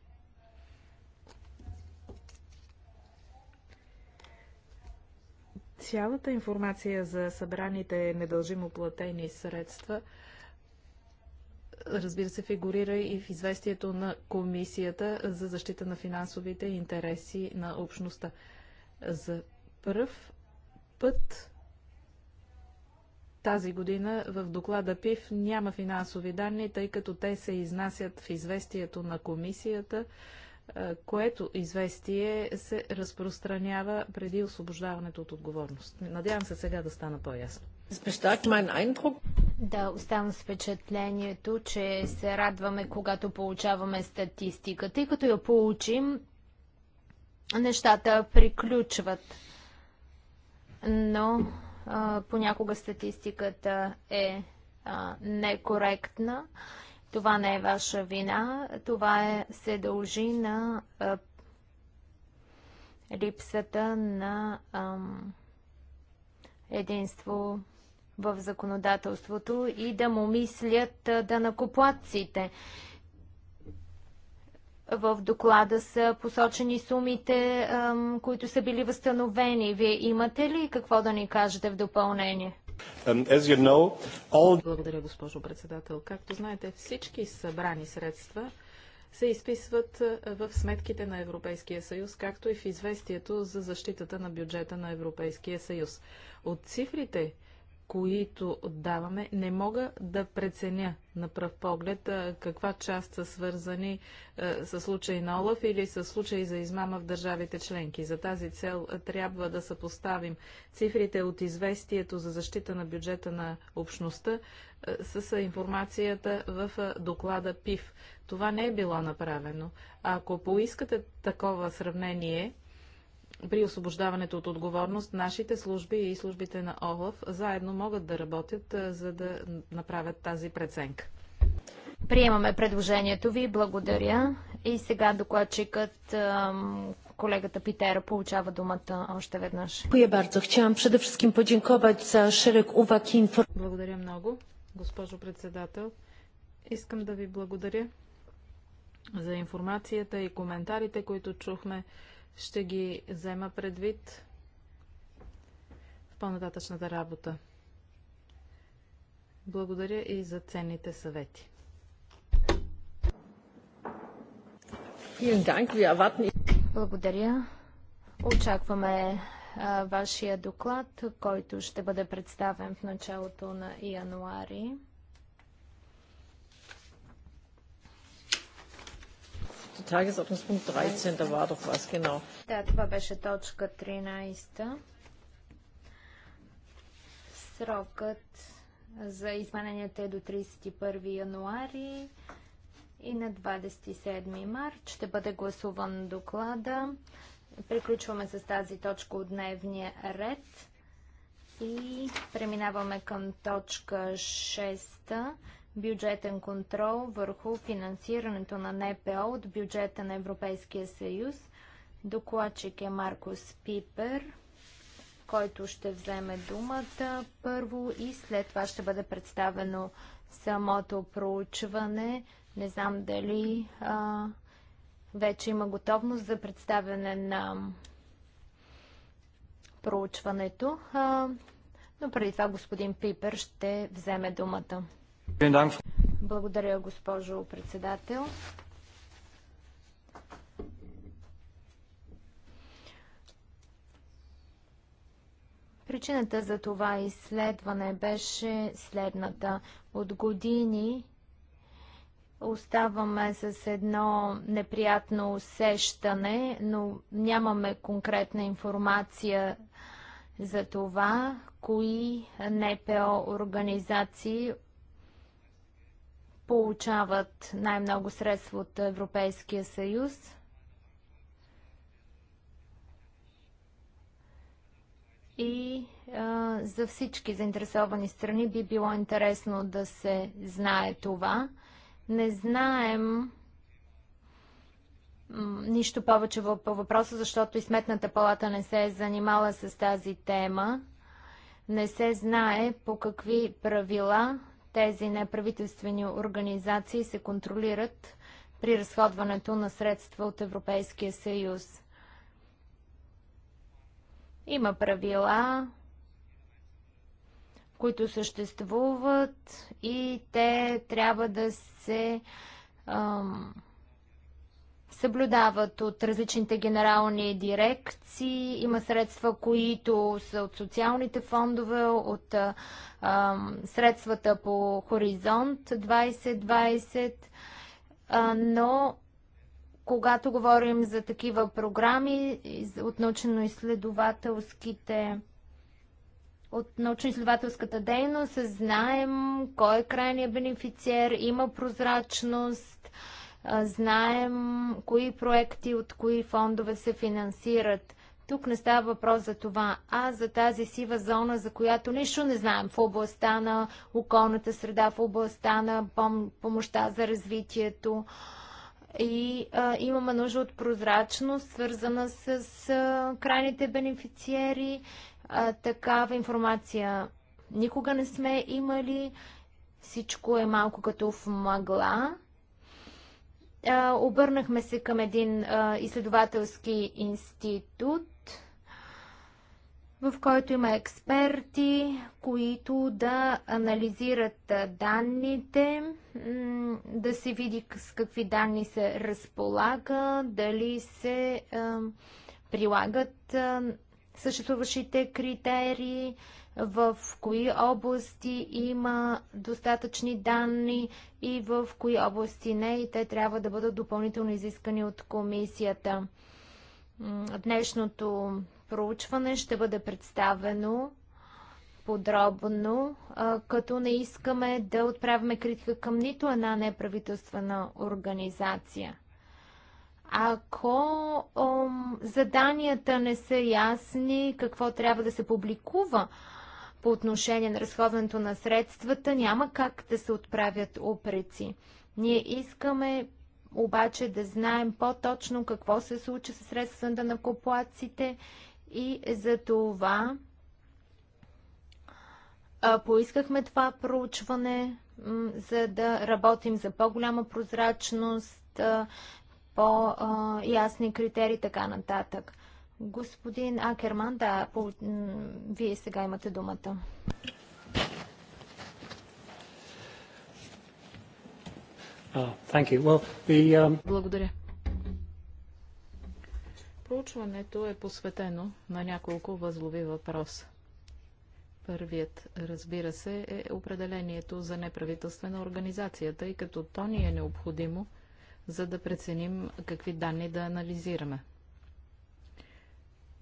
Цялата информация за събраните недължимо платени средства разбира се, фигурира и в известието на Комисията за защита на финансовите интереси на общността. За първ път тази година в доклада ПИФ няма финансови данни, тъй като те се изнасят в известието на комисията, е, което известие се разпространява преди освобождаването от отговорност. Надявам се сега да стана по-ясно. Да, оставам с впечатлението, че се радваме, когато получаваме статистиката и като я получим, нещата приключват. Но понякога статистиката е а, некоректна. Това не е ваша вина. Това е, се дължи на а, липсата на единство в законодателството и да му мислят да накоплатците. В доклада са посочени сумите, които са били възстановени. Вие имате ли какво да ни кажете в допълнение? You know, all... Благодаря, госпожо председател. Както знаете, всички събрани средства се изписват в сметките на Европейския съюз, както и в известието за защитата на бюджета на Европейския съюз. От цифрите, които даваме, не мога да преценя на пръв поглед каква част са свързани с случай на Олаф или с случай за измама в държавите членки. За тази цел трябва да съпоставим цифрите от известието за защита на бюджета на общността с информацията в доклада ПИФ. Това не е било направено. Ако поискате такова сравнение, при освобождаването от отговорност нашите служби и службите на ОЛАФ заедно могат да работят, за да направят тази преценка. Приемаме предложението ви. Благодаря. И сега докладчикът колегата Питера получава думата още веднъж. Благодаря много, госпожо председател. Искам да ви благодаря за информацията и коментарите, които чухме ще ги взема предвид в по-нататъчната работа. Благодаря и за ценните съвети. Благодаря. Очакваме вашия доклад, който ще бъде представен в началото на януари. 13, Да, това беше точка 13. Срокът за изменението е до 31 януари и на 27 март ще бъде гласуван доклада. Приключваме с тази точка от дневния ред и преминаваме към точка 6 бюджетен контрол върху финансирането на НПО от бюджета на Европейския съюз. Докладчик е Маркус Пипер, който ще вземе думата първо и след това ще бъде представено самото проучване. Не знам дали а, вече има готовност за представяне на проучването, а, но преди това господин Пипер ще вземе думата. Благодаря, госпожо председател. Причината за това изследване беше следната. От години оставаме с едно неприятно усещане, но нямаме конкретна информация за това, кои НПО организации получават най-много средства от Европейския съюз. И а, за всички заинтересовани страни би било интересно да се знае това. Не знаем нищо повече по въпроса, защото и Сметната палата не се е занимала с тази тема. Не се знае по какви правила тези неправителствени организации се контролират при разходването на средства от Европейския съюз. Има правила, които съществуват и те трябва да се ам, съблюдават от различните генерални дирекции. Има средства, които са от социалните фондове, от а, средствата по Хоризонт 2020, а, но когато говорим за такива програми от научно-изследователските от научно-изследователската дейност, знаем кой е крайният бенефициер, има прозрачност, знаем кои проекти от кои фондове се финансират. Тук не става въпрос за това, а за тази сива зона, за която нищо не знаем в областта на околната среда, в областта на пом- помощта за развитието. И а, имаме нужда от прозрачност, свързана с а, крайните бенефициери. А, такава информация никога не сме имали. Всичко е малко като в мъгла Обърнахме се към един изследователски институт, в който има експерти, които да анализират данните, да се види с какви данни се разполага, дали се прилагат съществуващите критерии, в кои области има достатъчни данни и в кои области не и те трябва да бъдат допълнително изискани от комисията. Днешното проучване ще бъде представено подробно, като не искаме да отправяме критика към нито една неправителствена организация. Ако заданията не са ясни, какво трябва да се публикува по отношение на разходването на средствата, няма как да се отправят упреци. Ние искаме обаче да знаем по-точно какво се случи с средствата на коплаците и за това поискахме това проучване, за да работим за по-голяма прозрачност, по-ясни критерии и така нататък. Господин Акерман, да, по... вие сега имате думата. well, the, um... Благодаря. Проучването е посветено на няколко възлови въпроса. Първият, разбира се, е определението за неправителствена организация, тъй като то ни е необходимо, за да преценим какви данни да анализираме.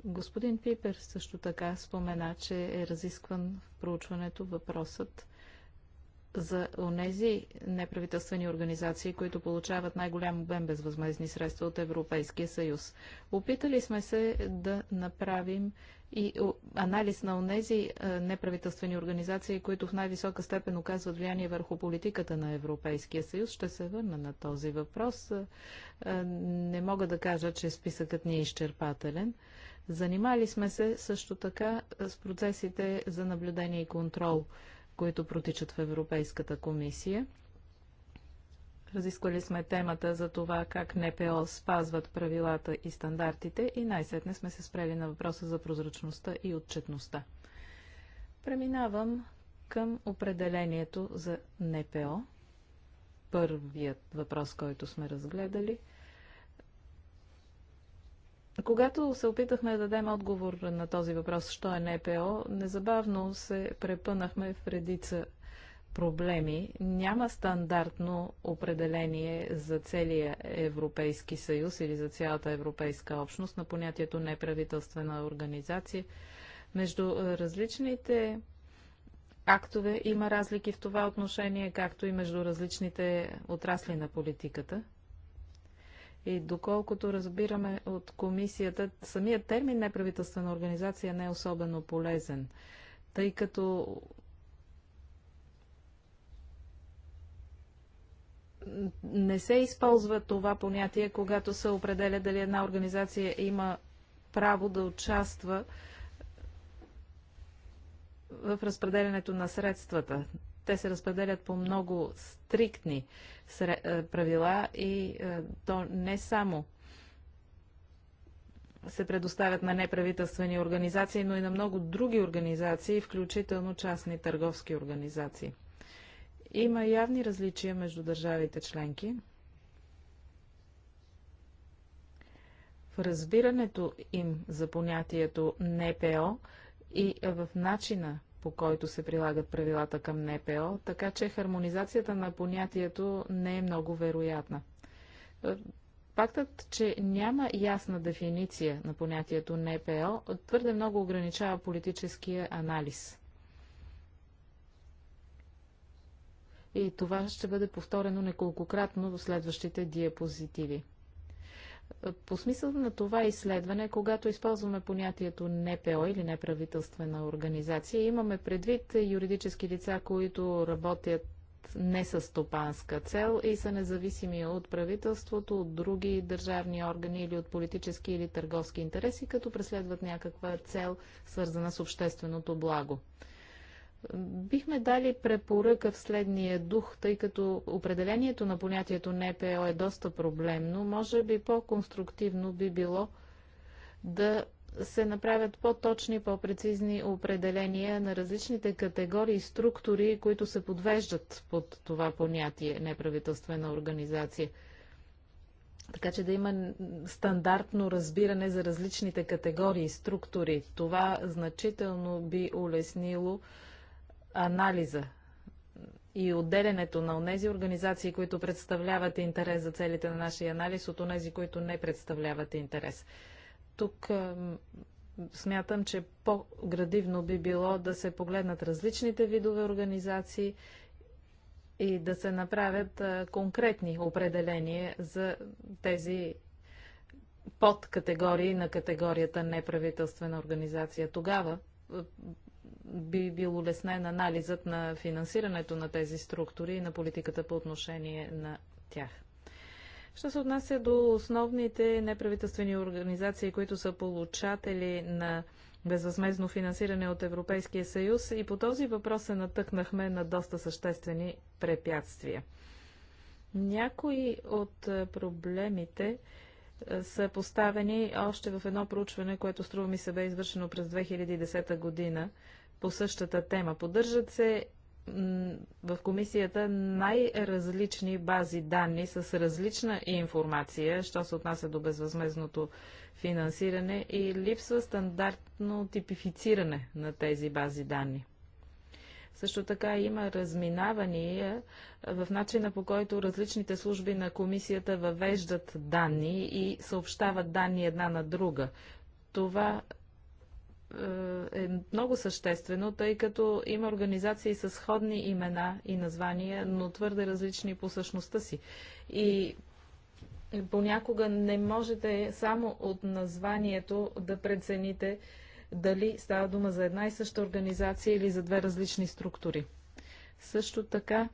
Господин Пипер също така спомена, че е разискван в проучването въпросът за онези неправителствени организации, които получават най-голям обем безвъзмезни средства от Европейския съюз. Опитали сме се да направим и анализ на онези е, неправителствени организации, които в най-висока степен оказват влияние върху политиката на Европейския съюз. Ще се върна на този въпрос. Е, е, не мога да кажа, че списъкът ни е изчерпателен. Занимали сме се също така с процесите за наблюдение и контрол, които протичат в Европейската комисия. Разисквали сме темата за това как НПО спазват правилата и стандартите и най-сетне сме се спрели на въпроса за прозрачността и отчетността. Преминавам към определението за НПО. Първият въпрос, който сме разгледали – когато се опитахме да дадем отговор на този въпрос, що е НПО, незабавно се препънахме в редица проблеми. Няма стандартно определение за целия Европейски съюз или за цялата Европейска общност на понятието неправителствена организация. Между различните актове има разлики в това отношение, както и между различните отрасли на политиката – и доколкото разбираме от комисията, самият термин неправителствена организация не е особено полезен, тъй като не се използва това понятие, когато се определя дали една организация има право да участва в разпределянето на средствата те се разпределят по много стриктни е, правила и е, то не само се предоставят на неправителствени организации, но и на много други организации, включително частни търговски организации. Има явни различия между държавите членки в разбирането им за понятието НПО и в начина по който се прилагат правилата към НПО, така че хармонизацията на понятието не е много вероятна. Е, фактът, че няма ясна дефиниция на понятието НПО, твърде много ограничава политическия анализ. И това ще бъде повторено неколкократно в следващите диапозитиви. По смисъл на това изследване, когато използваме понятието НПО или неправителствена организация, имаме предвид юридически лица, които работят не с стопанска цел и са независими от правителството, от други държавни органи или от политически или търговски интереси, като преследват някаква цел, свързана с общественото благо. Бихме дали препоръка в следния дух, тъй като определението на понятието НПО е доста проблемно. Може би по-конструктивно би било да се направят по-точни, по-прецизни определения на различните категории и структури, които се подвеждат под това понятие неправителствена организация. Така че да има стандартно разбиране за различните категории и структури. Това значително би улеснило анализа и отделянето на онези организации, които представляват интерес за целите на нашия анализ, от онези, които не представляват интерес. Тук смятам, че по-градивно би било да се погледнат различните видове организации и да се направят конкретни определения за тези подкатегории на категорията неправителствена организация. Тогава би бил улеснен анализът на финансирането на тези структури и на политиката по отношение на тях. Що се отнася до основните неправителствени организации, които са получатели на безвъзмезно финансиране от Европейския съюз, и по този въпрос се натъкнахме на доста съществени препятствия. Някои от проблемите са поставени още в едно проучване, което струва ми се бе извършено през 2010 година по същата тема. Поддържат се в комисията най-различни бази данни с различна информация, що се отнася до безвъзмезното финансиране и липсва стандартно типифициране на тези бази данни. Също така има разминавания в начина по който различните служби на комисията въвеждат данни и съобщават данни една на друга. Това е, е много съществено, тъй като има организации с сходни имена и названия, но твърде различни по същността си. И понякога не можете само от названието да прецените дали става дума за една и съща организация или за две различни структури. Също така,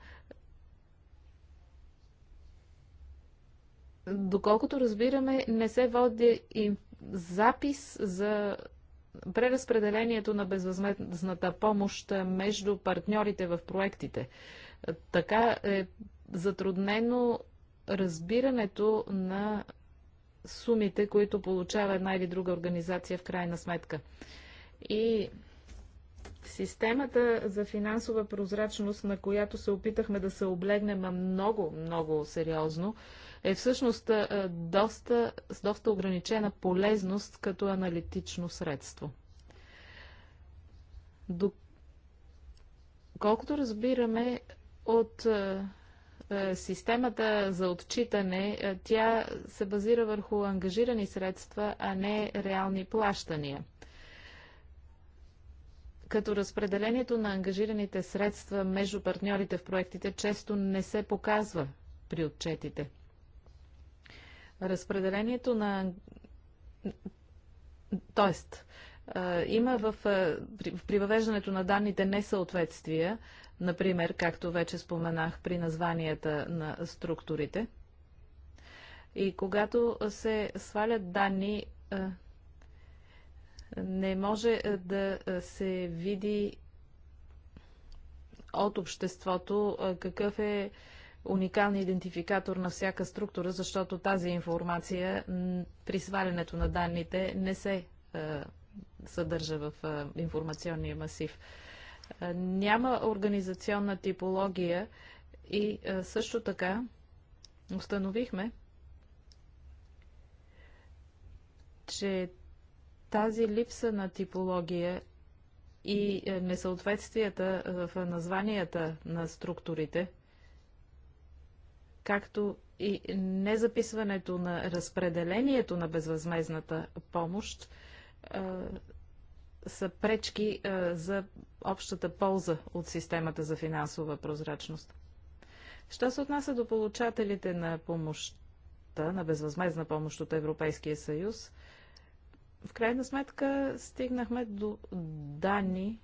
доколкото разбираме, не се води и запис за преразпределението на безвъзмезната помощ между партньорите в проектите. Така е затруднено разбирането на сумите, които получава една или друга организация в крайна сметка. И Системата за финансова прозрачност, на която се опитахме да се облегнем много, много сериозно, е всъщност доста, с доста ограничена полезност като аналитично средство. Колкото разбираме от системата за отчитане, тя се базира върху ангажирани средства, а не реални плащания. Като разпределението на ангажираните средства между партньорите в проектите често не се показва при отчетите – Разпределението на... Тоест, има в, при въвеждането на данните несъответствия, например, както вече споменах, при названията на структурите. И когато се свалят данни, не може да се види от обществото какъв е уникален идентификатор на всяка структура, защото тази информация при свалянето на данните не се е, съдържа в е, информационния масив. Е, няма организационна типология и също така установихме, че тази липса на типология и несъответствията в названията на структурите – както и незаписването на разпределението на безвъзмезната помощ са пречки за общата полза от системата за финансова прозрачност. Що се отнася до получателите на помощта, на безвъзмезна помощ от Европейския съюз, в крайна сметка стигнахме до данни,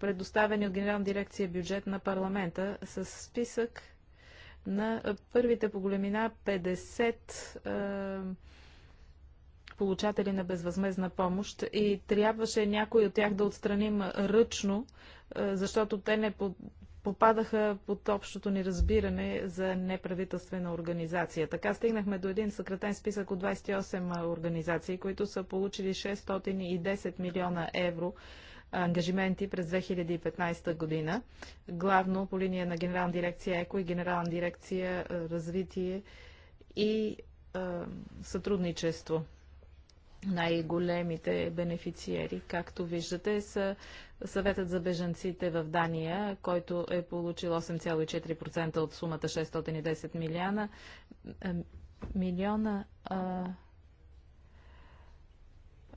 предоставени от Генерална дирекция бюджет на парламента с списък на първите по големина 50 е, получатели на безвъзмезна помощ и трябваше някой от тях да отстраним ръчно, е, защото те не под, попадаха под общото ни разбиране за неправителствена организация. Така стигнахме до един съкратен списък от 28 е, организации, които са получили 610 милиона евро ангажименти през 2015 година, главно по линия на Генерална дирекция ЕКО и Генерална дирекция развитие и сътрудничество. Най-големите бенефициери, както виждате, са съветът за беженците в Дания, който е получил 8,4% от сумата 610 милиона. Милиона а,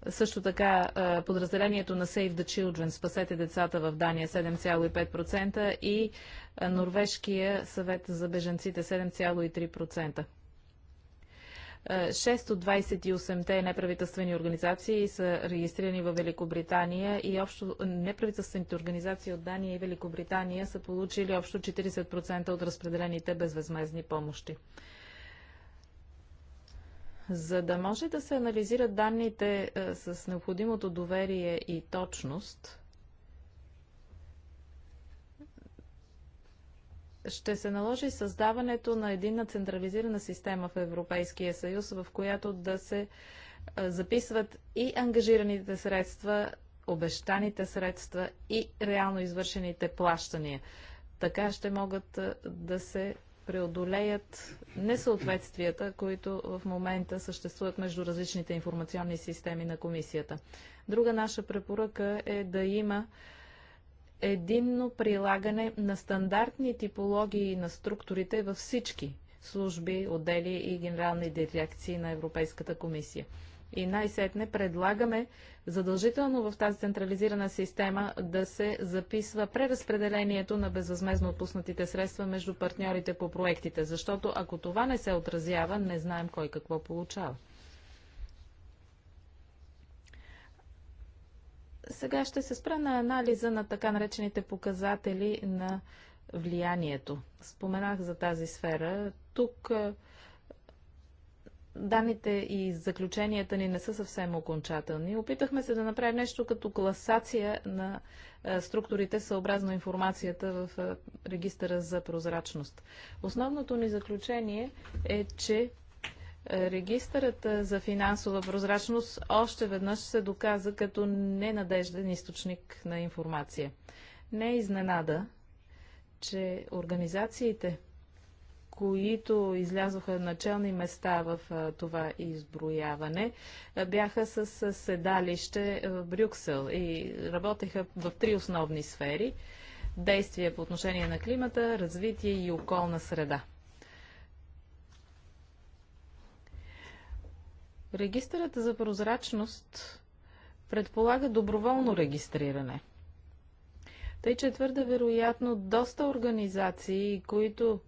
също така подразделението на Save the Children, спасете децата в Дания 7,5% и Норвежкия съвет за беженците 7,3%. 6 от 28-те неправителствени организации са регистрирани в Великобритания и общо неправителствените организации от Дания и Великобритания са получили общо 40% от разпределените безвъзмезни помощи. За да може да се анализират данните е, с необходимото доверие и точност, ще се наложи създаването на единна централизирана система в Европейския съюз, в която да се е, записват и ангажираните средства, обещаните средства и реално извършените плащания. Така ще могат е, да се преодолеят несъответствията, които в момента съществуват между различните информационни системи на комисията. Друга наша препоръка е да има единно прилагане на стандартни типологии на структурите във всички служби, отдели и генерални дирекции на Европейската комисия. И най-сетне предлагаме задължително в тази централизирана система да се записва преразпределението на безвъзмезно отпуснатите средства между партньорите по проектите, защото ако това не се отразява, не знаем кой какво получава. Сега ще се спра на анализа на така наречените показатели на влиянието. Споменах за тази сфера. Тук данните и заключенията ни не са съвсем окончателни. Опитахме се да направим нещо като класация на е, структурите съобразно информацията в е, регистъра за прозрачност. Основното ни заключение е, че е, регистърът за финансова прозрачност още веднъж се доказа като ненадежден източник на информация. Не е изненада, че организациите, които излязоха начални места в това изброяване, бяха с седалище в Брюксел и работеха в три основни сфери – действия по отношение на климата, развитие и околна среда. Регистърът за прозрачност предполага доброволно регистриране – тъй че твърде вероятно доста организации, които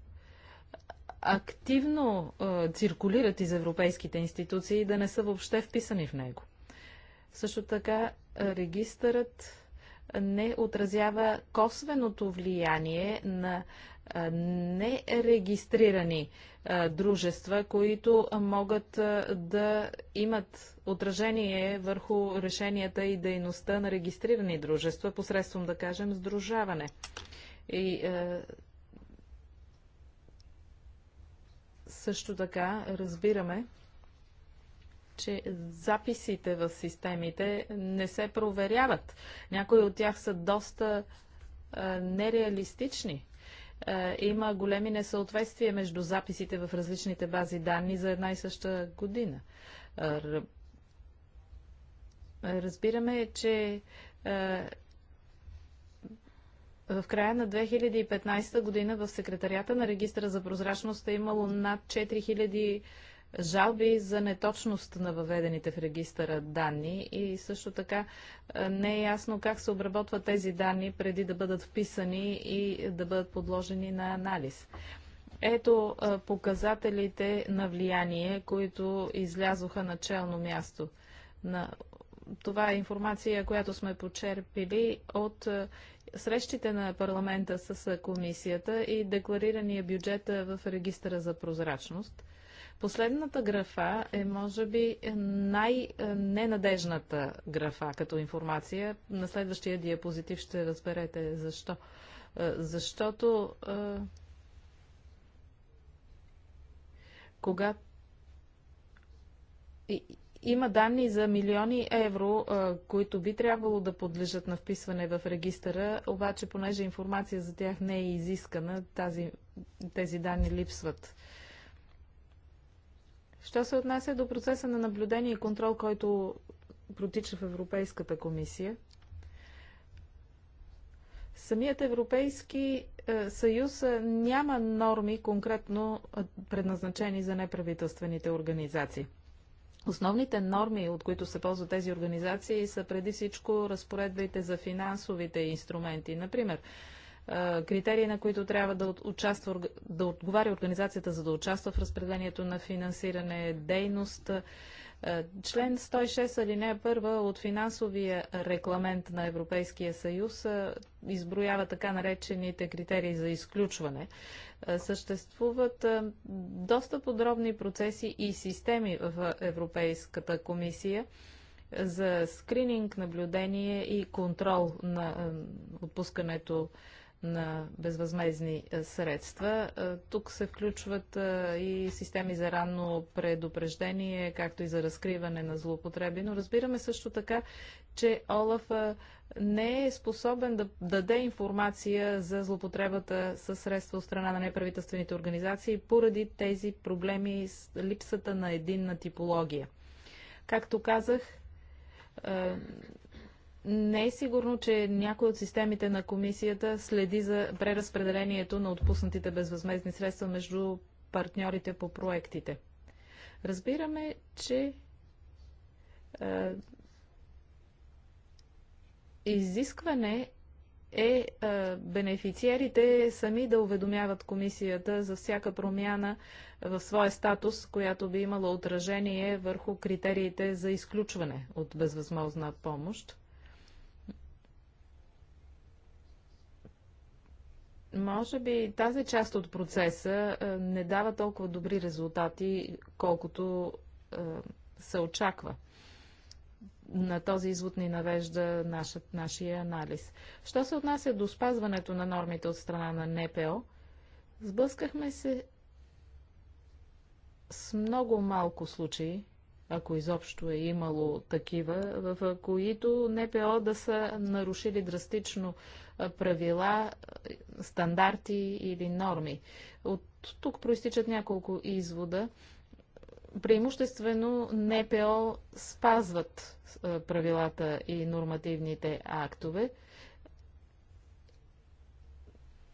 активно циркулират из европейските институции и да не са въобще вписани в него. Също така регистърът не отразява косвеното влияние на нерегистрирани дружества, които могат да имат отражение върху решенията и дейността на регистрирани дружества посредством, да кажем, сдружаване. И Също така разбираме, че записите в системите не се проверяват. Някои от тях са доста а, е, нереалистични. А, е, има големи несъответствия между записите в различните бази данни за една и съща година. А, е, разбираме, че в края на 2015 година в секретарията на регистра за прозрачност е имало над 4000 жалби за неточност на въведените в регистъра данни и също така не е ясно как се обработват тези данни преди да бъдат вписани и да бъдат подложени на анализ. Ето показателите на влияние, които излязоха на челно място. На... Това е информация, която сме почерпили от срещите на парламента с комисията и декларирания бюджет в регистъра за прозрачност. Последната графа е, може би, най-ненадежната графа като информация. На следващия диапозитив ще разберете защо. Е, защото е, когато има данни за милиони евро, които би трябвало да подлежат на вписване в регистъра, обаче понеже информация за тях не е изискана, тази, тези данни липсват. Що се отнася до процеса на наблюдение и контрол, който протича в Европейската комисия, самият Европейски е, съюз е, няма норми конкретно е, предназначени за неправителствените организации. Основните норми, от които се ползват тези организации, са преди всичко разпоредбите за финансовите инструменти. Например, критерии, на които трябва да, участва, да отговаря организацията, за да участва в разпределението на финансиране, дейност, е, член 106 алинея 1 от финансовия регламент на Европейския съюз е, изброява така наречените критерии за изключване. Е, съществуват доста подробни процеси и системи в Европейската комисия за скрининг, наблюдение и контрол на отпускането на безвъзмезни е, средства. Е, тук се включват е, и системи за ранно предупреждение, както и за разкриване на злоупотреби, но разбираме също така, че Олаф не е способен да даде информация за злопотребата със средства от страна на неправителствените организации поради тези проблеми с липсата на единна типология. Както казах, не е сигурно, че някой от системите на комисията следи за преразпределението на отпуснатите безвъзмезни средства между партньорите по проектите. Разбираме, че е, изискване е, е бенефициерите сами да уведомяват комисията за всяка промяна в своя статус, която би имала отражение върху критериите за изключване от безвъзможна помощ. Може би тази част от процеса е, не дава толкова добри резултати, колкото е, се очаква. На този извод ни навежда нашът, нашия анализ. Що се отнася до спазването на нормите от страна на НПО, сблъскахме се с много малко случаи, ако изобщо е имало такива, в които НПО да са нарушили драстично правила, стандарти или норми. От тук проистичат няколко извода. Преимуществено НПО спазват правилата и нормативните актове.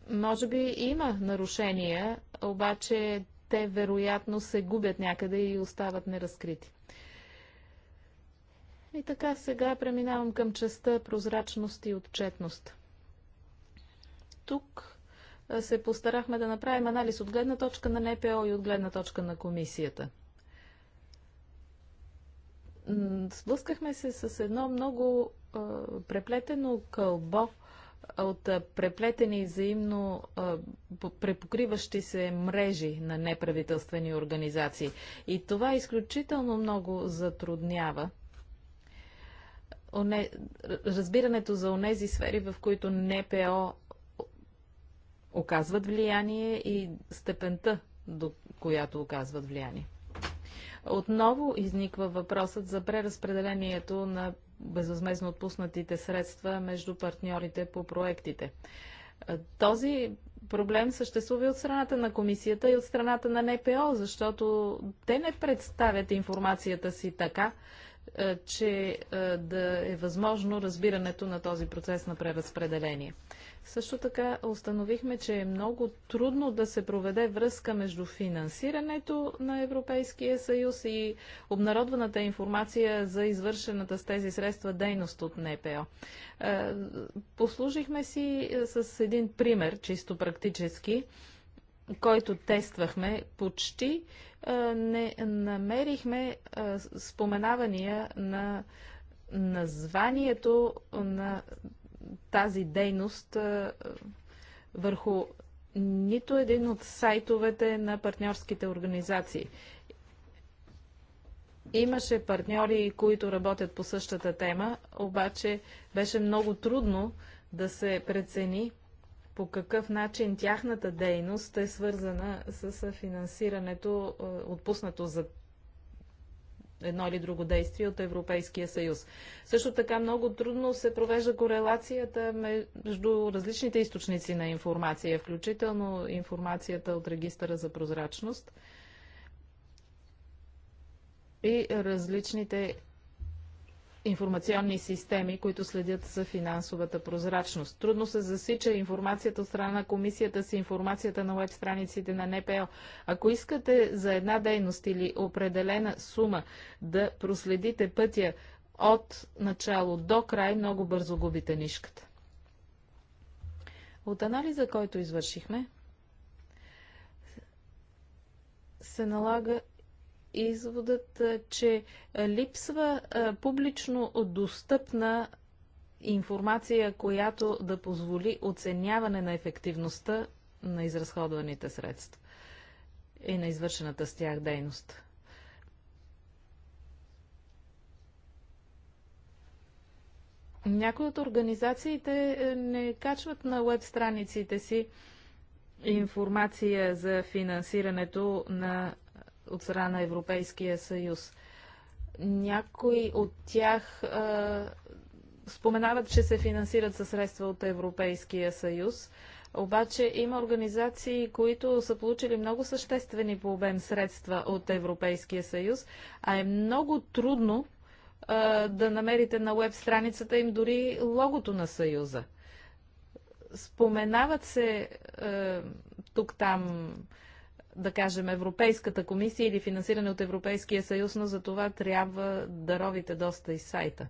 Може би има нарушения, обаче те вероятно се губят някъде и остават неразкрити. И така сега преминавам към частта прозрачност и отчетност. Тук се постарахме да направим анализ от гледна точка на НПО и от гледна точка на комисията. Сблъскахме се с едно много преплетено кълбо от преплетени взаимно препокриващи се мрежи на неправителствени организации. И това изключително много затруднява разбирането за онези сфери, в които НПО оказват влияние и степента, до която оказват влияние. Отново изниква въпросът за преразпределението на безвъзмезно отпуснатите средства между партньорите по проектите. Този проблем съществува и от страната на комисията и от страната на НПО, защото те не представят информацията си така, е, че е, да е възможно разбирането на този процес на преразпределение. Също така установихме, че е много трудно да се проведе връзка между финансирането на Европейския съюз и обнародваната информация за извършената с тези средства дейност от НПО. Е, послужихме си е, с един пример, чисто практически, който тествахме почти, е, не намерихме споменавания на названието на тази дейност върху нито един от сайтовете на партньорските организации. Имаше партньори, които работят по същата тема, обаче беше много трудно да се прецени по какъв начин тяхната дейност е свързана с финансирането, отпуснато за едно или друго действие от Европейския съюз. Също така много трудно се провежда корелацията между различните източници на информация, включително информацията от регистъра за прозрачност и различните информационни системи, които следят за финансовата прозрачност. Трудно се засича информацията от страна на комисията с информацията на веб страниците на НПО. Ако искате за една дейност или определена сума да проследите пътя от начало до край, много бързо губите нишката. От анализа, който извършихме, се налага изводът, че липсва публично достъпна информация, която да позволи оценяване на ефективността на изразходваните средства и на извършената с тях дейност. Някои от организациите е, не качват на веб страниците си информация за финансирането на от страна на Европейския съюз. Някои от тях а, споменават, че се финансират със средства от Европейския съюз. Обаче има организации, които са получили много съществени по обем средства от Европейския съюз, а е много трудно а, да намерите на веб страницата им дори логото на съюза. Споменават се а, тук там да кажем, Европейската комисия или финансиране от Европейския съюз, но за това трябва да ровите доста и сайта.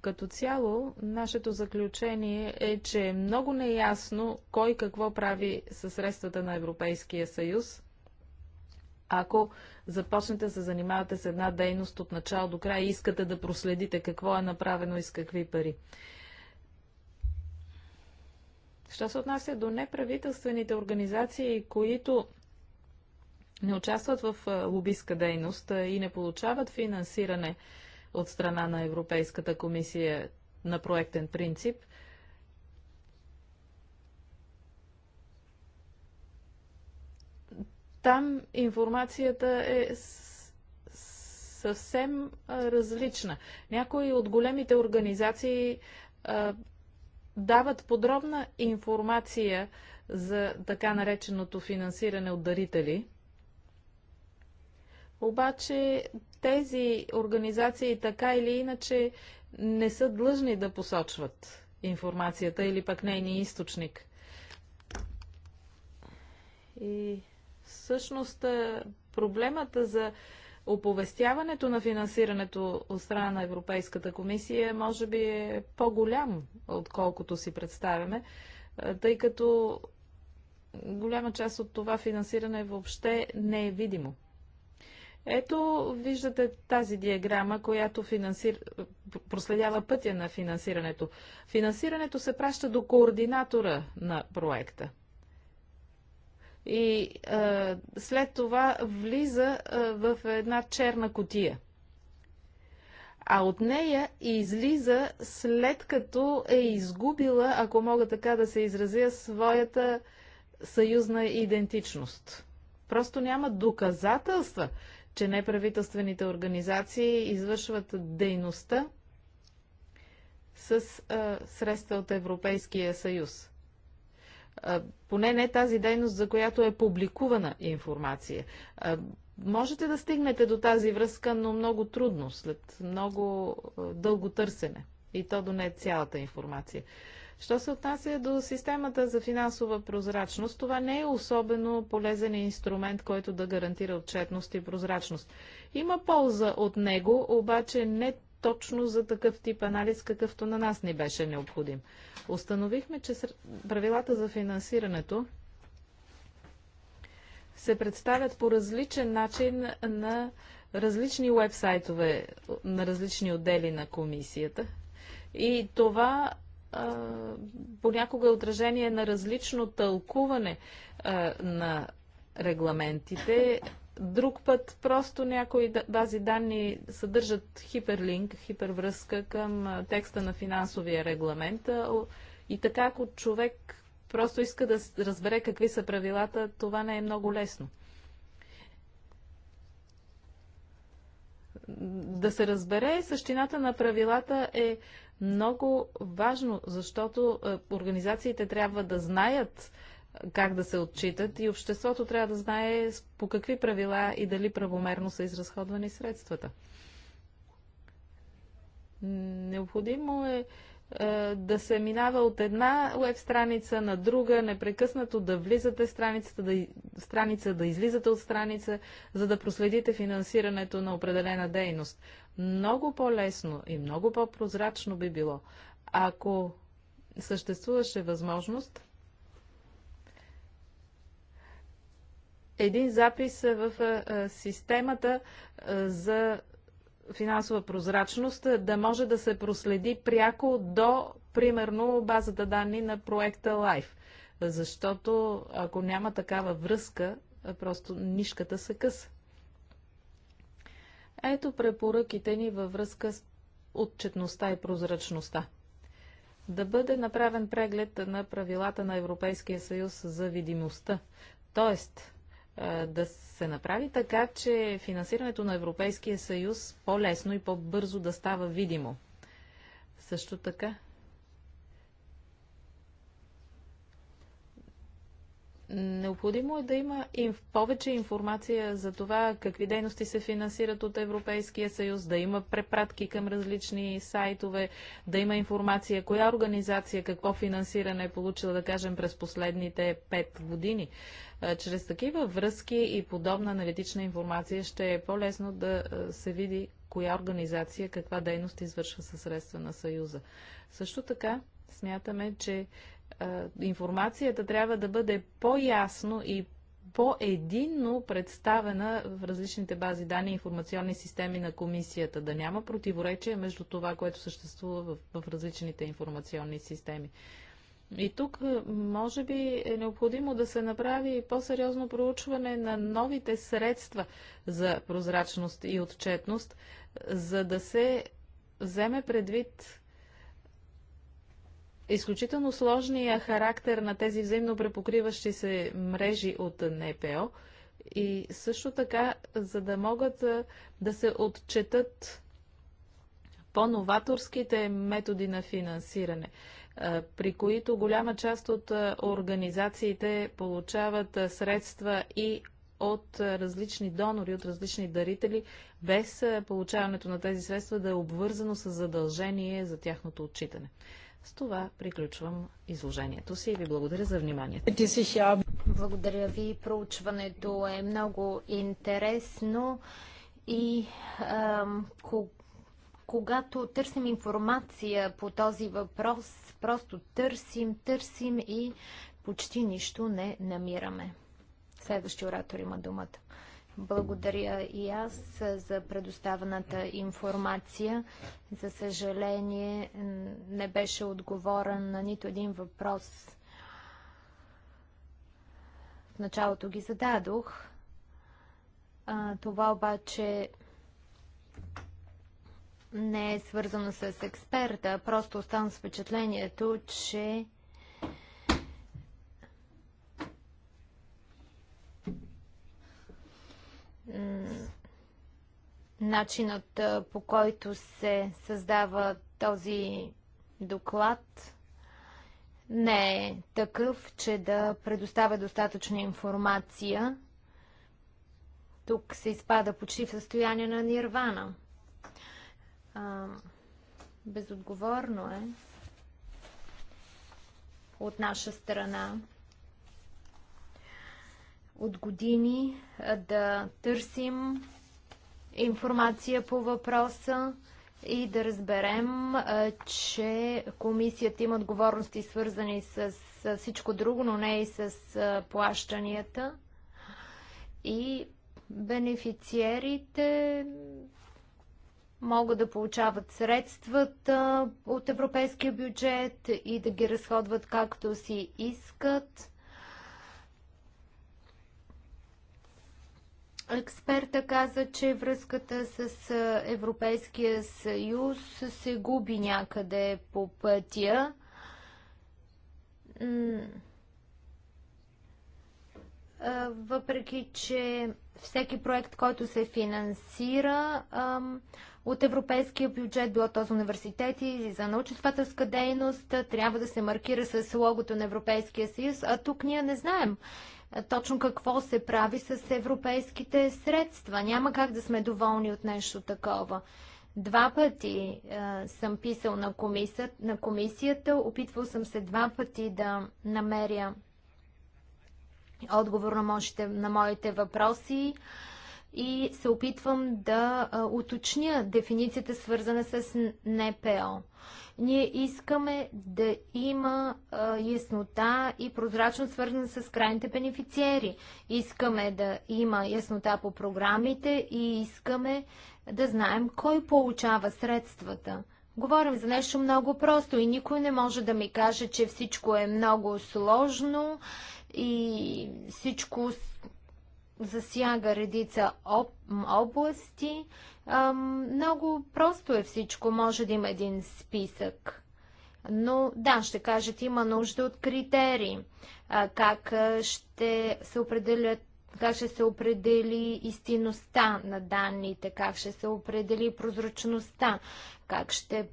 Като цяло, нашето заключение е, че е много неясно кой какво прави със средствата на Европейския съюз, ако започнете да се занимавате с една дейност от начало до край и искате да проследите какво е направено и с какви пари. Що се отнася до неправителствените организации, които не участват в лобистка дейност и не получават финансиране от страна на Европейската комисия на проектен принцип, там информацията е съвсем различна. Някои от големите организации дават подробна информация за така нареченото финансиране от дарители. Обаче тези организации така или иначе не са длъжни да посочват информацията или пък нейния източник. И всъщност проблемата за оповестяването на финансирането от страна на Европейската комисия може би е по-голям, отколкото си представяме, тъй като голяма част от това финансиране въобще не е видимо. Ето, виждате тази диаграма, която финансир... проследява пътя на финансирането. Финансирането се праща до координатора на проекта и а, след това влиза а, в една черна котия. А от нея излиза след като е изгубила, ако мога така да се изразя, своята съюзна идентичност. Просто няма доказателства, че неправителствените организации извършват дейността с а, средства от Европейския съюз. Поне не тази дейност, за която е публикувана информация. Можете да стигнете до тази връзка, но много трудно, след много дълго търсене. И то до не е цялата информация. Що се отнася до системата за финансова прозрачност, това не е особено полезен инструмент, който да гарантира отчетност и прозрачност. Има полза от него, обаче не точно за такъв тип анализ, какъвто на нас ни беше необходим. Установихме, че правилата за финансирането се представят по различен начин на различни вебсайтове, на различни отдели на комисията. И това а, понякога е отражение на различно тълкуване а, на регламентите Друг път просто някои бази данни съдържат хиперлинк, хипервръзка към текста на финансовия регламент. И така, ако човек просто иска да разбере какви са правилата, това не е много лесно. Да се разбере същината на правилата е много важно, защото организациите трябва да знаят как да се отчитат и обществото трябва да знае по какви правила и дали правомерно са изразходвани средствата. Необходимо е, е да се минава от една веб страница на друга, непрекъснато да влизате в страницата, да, страница, да излизате от страница, за да проследите финансирането на определена дейност. Много по-лесно и много по-прозрачно би било, ако съществуваше възможност един запис в системата за финансова прозрачност да може да се проследи пряко до, примерно, базата данни на проекта LIFE. Защото ако няма такава връзка, просто нишката се къса. Ето препоръките ни във връзка с отчетността и прозрачността. Да бъде направен преглед на правилата на Европейския съюз за видимостта. Тоест, да се направи така, че финансирането на Европейския съюз по-лесно и по-бързо да става видимо. Също така Необходимо е да има и повече информация за това какви дейности се финансират от Европейския съюз, да има препратки към различни сайтове, да има информация коя организация какво финансиране е получила, да кажем, през последните пет години. Чрез такива връзки и подобна аналитична информация ще е по-лесно да се види коя организация каква дейност извършва със средства на Съюза. Също така смятаме, че информацията трябва да бъде по-ясно и по-единно представена в различните бази данни и информационни системи на комисията. Да няма противоречие между това, което съществува в, в различните информационни системи. И тук може би е необходимо да се направи по-сериозно проучване на новите средства за прозрачност и отчетност, за да се вземе предвид изключително сложния характер на тези взаимно препокриващи се мрежи от НПО и също така, за да могат да се отчетат по-новаторските методи на финансиране, при които голяма част от организациите получават средства и от различни донори, от различни дарители, без получаването на тези средства да е обвързано с задължение за тяхното отчитане. С това приключвам изложението си и ви благодаря за вниманието. Благодаря ви. Проучването е много интересно и ам, когато търсим информация по този въпрос, просто търсим, търсим и почти нищо не намираме. Следващия оратор има думата. Благодаря и аз за предоставената информация. За съжаление, не беше отговорен на нито един въпрос. В началото ги зададох. А, това обаче не е свързано с експерта. Просто оставам с впечатлението, че начинът по който се създава този доклад не е такъв, че да предоставя достатъчна информация. Тук се изпада почти в състояние на нирвана. А, безотговорно е от наша страна от години да търсим информация по въпроса и да разберем, че комисията има отговорности свързани с всичко друго, но не и с плащанията. И бенефициерите могат да получават средствата от европейския бюджет и да ги разходват както си искат. Експерта каза, че връзката с Европейския съюз се губи някъде по пътя. Въпреки, че всеки проект, който се финансира от европейския бюджет, било този университет и за научно-изследователска дейност, трябва да се маркира с логото на Европейския съюз, а тук ние не знаем точно какво се прави с европейските средства. Няма как да сме доволни от нещо такова. Два пъти е, съм писал на, комисията, на комисията, опитвал съм се два пъти да намеря отговор на, на моите въпроси. Е, и се опитвам да а, уточня дефиницията, свързана с НПО. Ние искаме да има а, яснота и прозрачност, свързана с крайните бенефициери. Искаме да има яснота по програмите и искаме да знаем кой получава средствата. Говорим за нещо много просто и никой не може да ми каже, че всичко е много сложно и всичко засяга редица об, области. А, много просто е всичко. Може да има един списък. Но да, ще кажете, има нужда от критерии. А, как ще се определят как ще се определи истинността на данните, как ще се определи прозрачността, как ще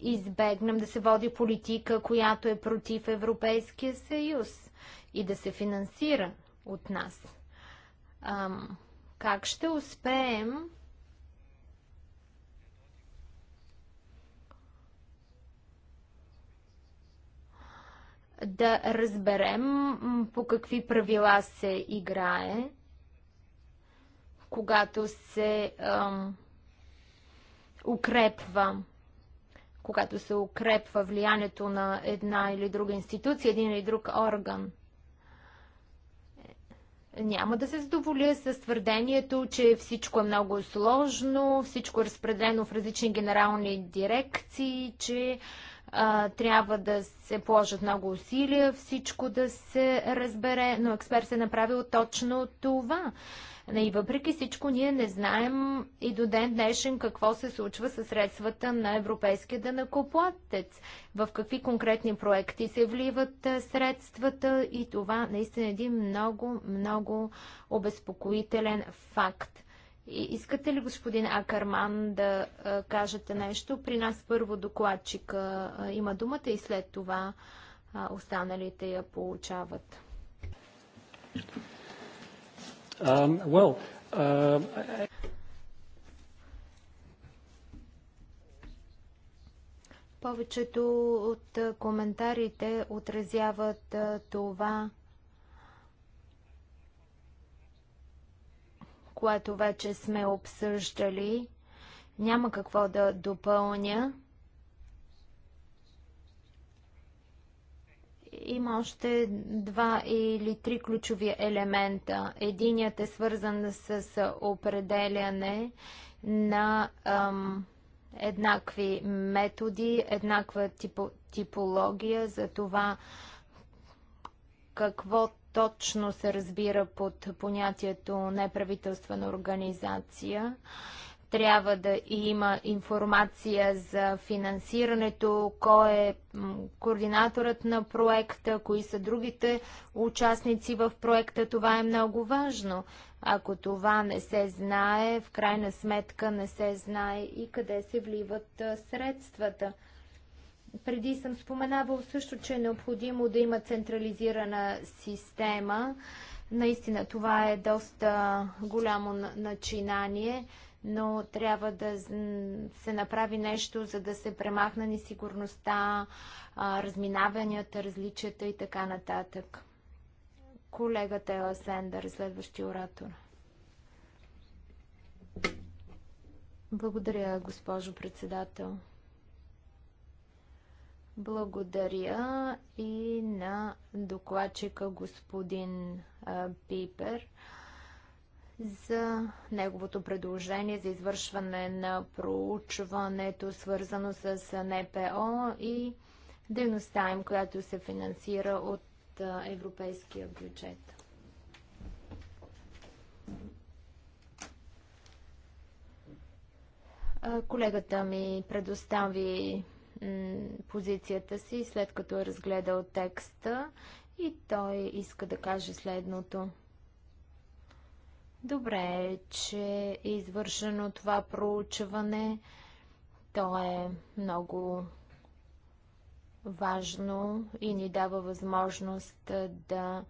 избегнем да се води политика, която е против Европейския съюз и да се финансира от нас. Ам, как ще успеем да разберем по какви правила се играе, когато се ам, укрепва когато се укрепва влиянието на една или друга институция, един или друг орган – няма да се задоволя с твърдението, че всичко е много сложно, всичко е разпределено в различни генерални дирекции, че а, трябва да се положат много усилия, всичко да се разбере, но експерт се е направил точно това. И въпреки всичко, ние не знаем и до ден днешен какво се случва с средствата на европейския дънакоплатец. в какви конкретни проекти се вливат средствата и това наистина е един много, много обезпокоителен факт. И искате ли, господин Акарман, да а, кажете нещо? При нас първо докладчик а, има думата и след това а, останалите я получават. Thank you. Um, well, um, Повечето от коментарите отразяват това, което вече сме обсъждали. Няма какво да допълня. има още два или три ключови елемента. Единият е свързан с определяне на ам, еднакви методи, еднаква типо, типология за това какво точно се разбира под понятието неправителствена организация трябва да има информация за финансирането, кой е координаторът на проекта, кои са другите участници в проекта. Това е много важно. Ако това не се знае, в крайна сметка не се знае и къде се вливат средствата. Преди съм споменавал също, че е необходимо да има централизирана система. Наистина това е доста голямо начинание, но трябва да се направи нещо, за да се премахна несигурността, разминаванията, различията и така нататък. Колегата Ела Сендър, следващия оратор. Благодаря, госпожо председател. Благодаря и на докладчика господин Пипер за неговото предложение за извършване на проучването, свързано с НПО и дейността им, която се финансира от европейския бюджет. Колегата ми предостави позицията си, след като е разгледал текста и той иска да каже следното. Добре е, че е извършено това проучване. То е много важно и ни дава възможност да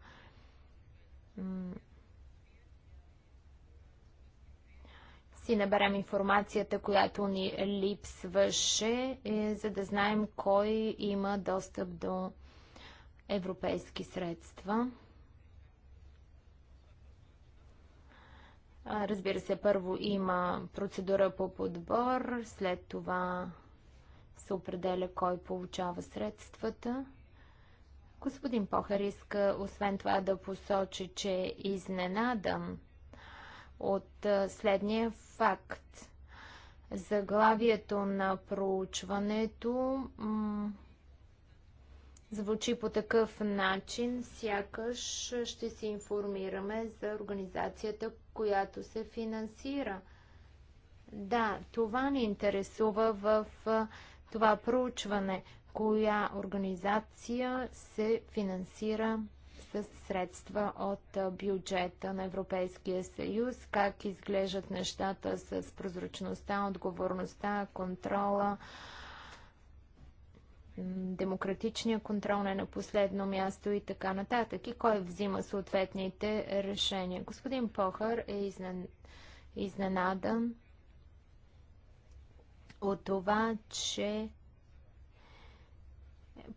си наберем информацията, която ни липсваше, е, за да знаем кой има достъп до европейски средства. Разбира се, първо има процедура по подбор, след това се определя кой получава средствата. Господин Похар иска освен това да посочи, че е изненадан от следния факт. Заглавието на проучването звучи по такъв начин, сякаш ще се информираме за организацията, която се финансира. Да, това ни интересува в това проучване, коя организация се финансира с средства от бюджета на Европейския съюз, как изглеждат нещата с прозрачността, отговорността, контрола, демократичния контрол не на последно място и така нататък. И кой взима съответните решения? Господин Похър е изнен... изненадан от това, че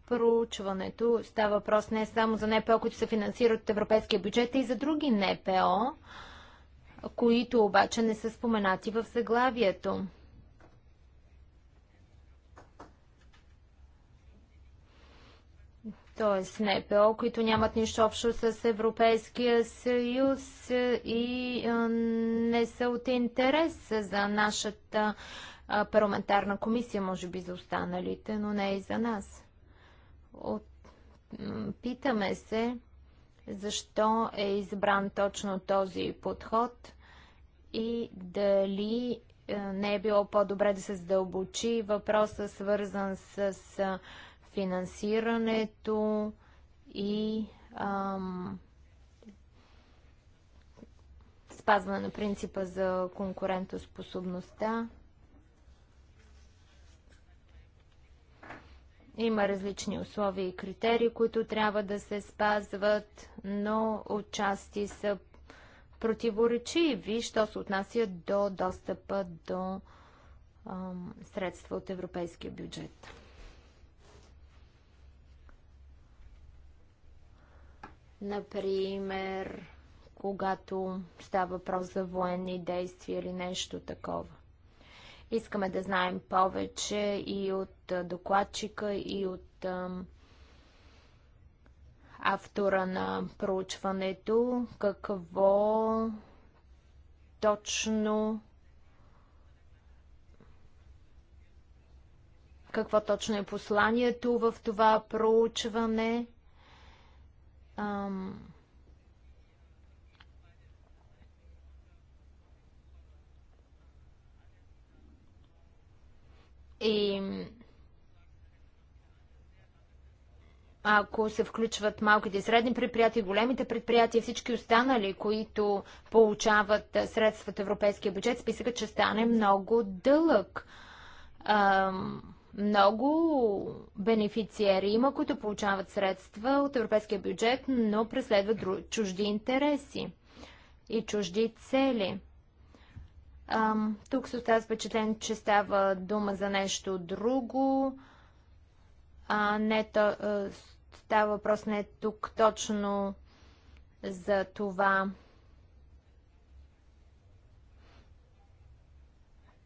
проучването става въпрос не само за НПО, които се финансират от европейския бюджет, а и за други НПО, които обаче не са споменати в заглавието. т.е. НПО, които нямат нищо общо с Европейския съюз е, и е, не са от интерес за нашата е, парламентарна комисия, може би за останалите, но не и за нас. От... Питаме се защо е избран точно този подход и дали не е било по-добре да се задълбочи въпроса, свързан с финансирането и ам, спазване на принципа за конкурентоспособността. Има различни условия и критерии, които трябва да се спазват, но отчасти са противоречиви, що се отнася до достъпа до ам, средства от европейския бюджет. Например, когато става въпрос за военни действия или нещо такова. Искаме да знаем повече и от докладчика, и от автора на проучването, какво точно какво точно е посланието в това проучване. Um, И ако се включват малките и средни предприятия, големите предприятия, всички останали, които получават средства от европейския бюджет, списъкът ще стане много дълъг. Um, много бенефициери има, които получават средства от европейския бюджет, но преследват чужди интереси и чужди цели. Ам, тук се остава впечатлен, че става дума за нещо друго, а не то, а, става въпрос не тук точно за това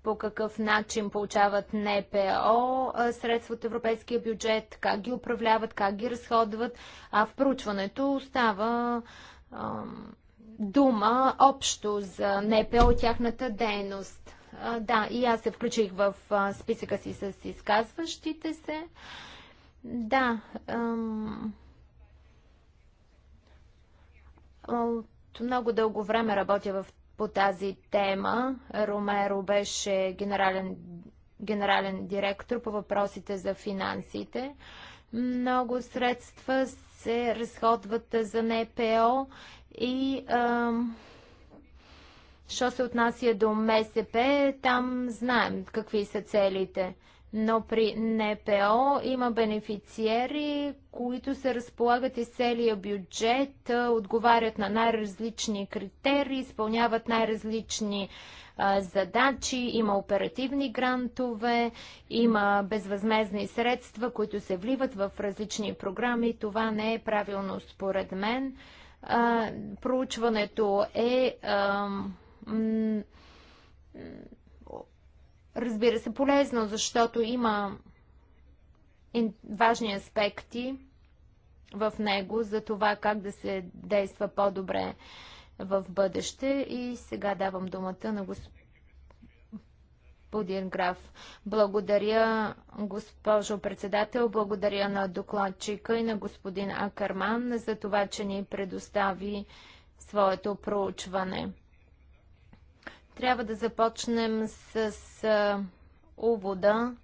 по какъв начин получават НПО средства от европейския бюджет, как ги управляват, как ги разходват, а в проучването остава а, дума общо за НПО и тяхната дейност. А, да, и аз се включих в а, списъка си с изказващите се. Да. От много дълго време работя в по тази тема. Ромеро беше генерален, генерален директор по въпросите за финансите. Много средства се разходват за НПО и що се отнася до МСП, там знаем какви са целите. Но при НПО има бенефициери, които се разполагат из целия бюджет, отговарят на най-различни критерии, изпълняват най-различни задачи, има оперативни грантове, има безвъзмезни средства, които се вливат в различни програми. Това не е правилно според мен. А, проучването е а, Разбира се, полезно, защото има важни аспекти в него за това как да се действа по-добре в бъдеще. И сега давам думата на господин Граф. Благодаря, госпожо председател, благодаря на докладчика и на господин Акарман за това, че ни предостави своето проучване. Трябва да започнем с увода,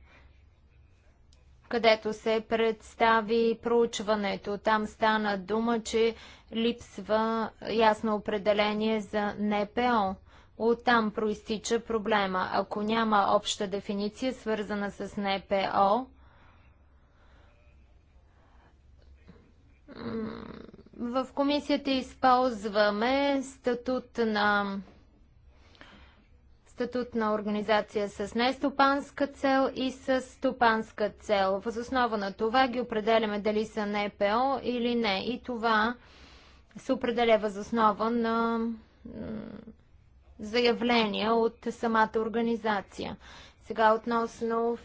където се представи проучването. Там стана дума, че липсва ясно определение за НПО. Оттам проистича проблема. Ако няма обща дефиниция, свързана с НПО, в комисията използваме статут на статут на организация с нестопанска цел и с стопанска цел. Възоснова на това ги определяме дали са НПО или не. И това се определя възоснова на заявления от самата организация. Сега относно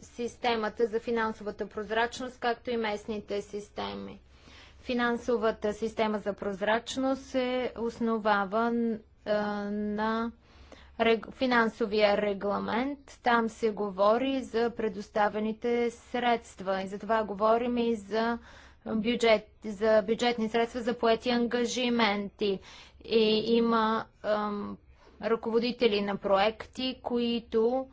системата за финансовата прозрачност, както и местните системи. Финансовата система за прозрачност се основава на рег... финансовия регламент. Там се говори за предоставените средства и затова говорим и за бюджет, за бюджетни средства за поети ангажименти. И има ам, ръководители на проекти, които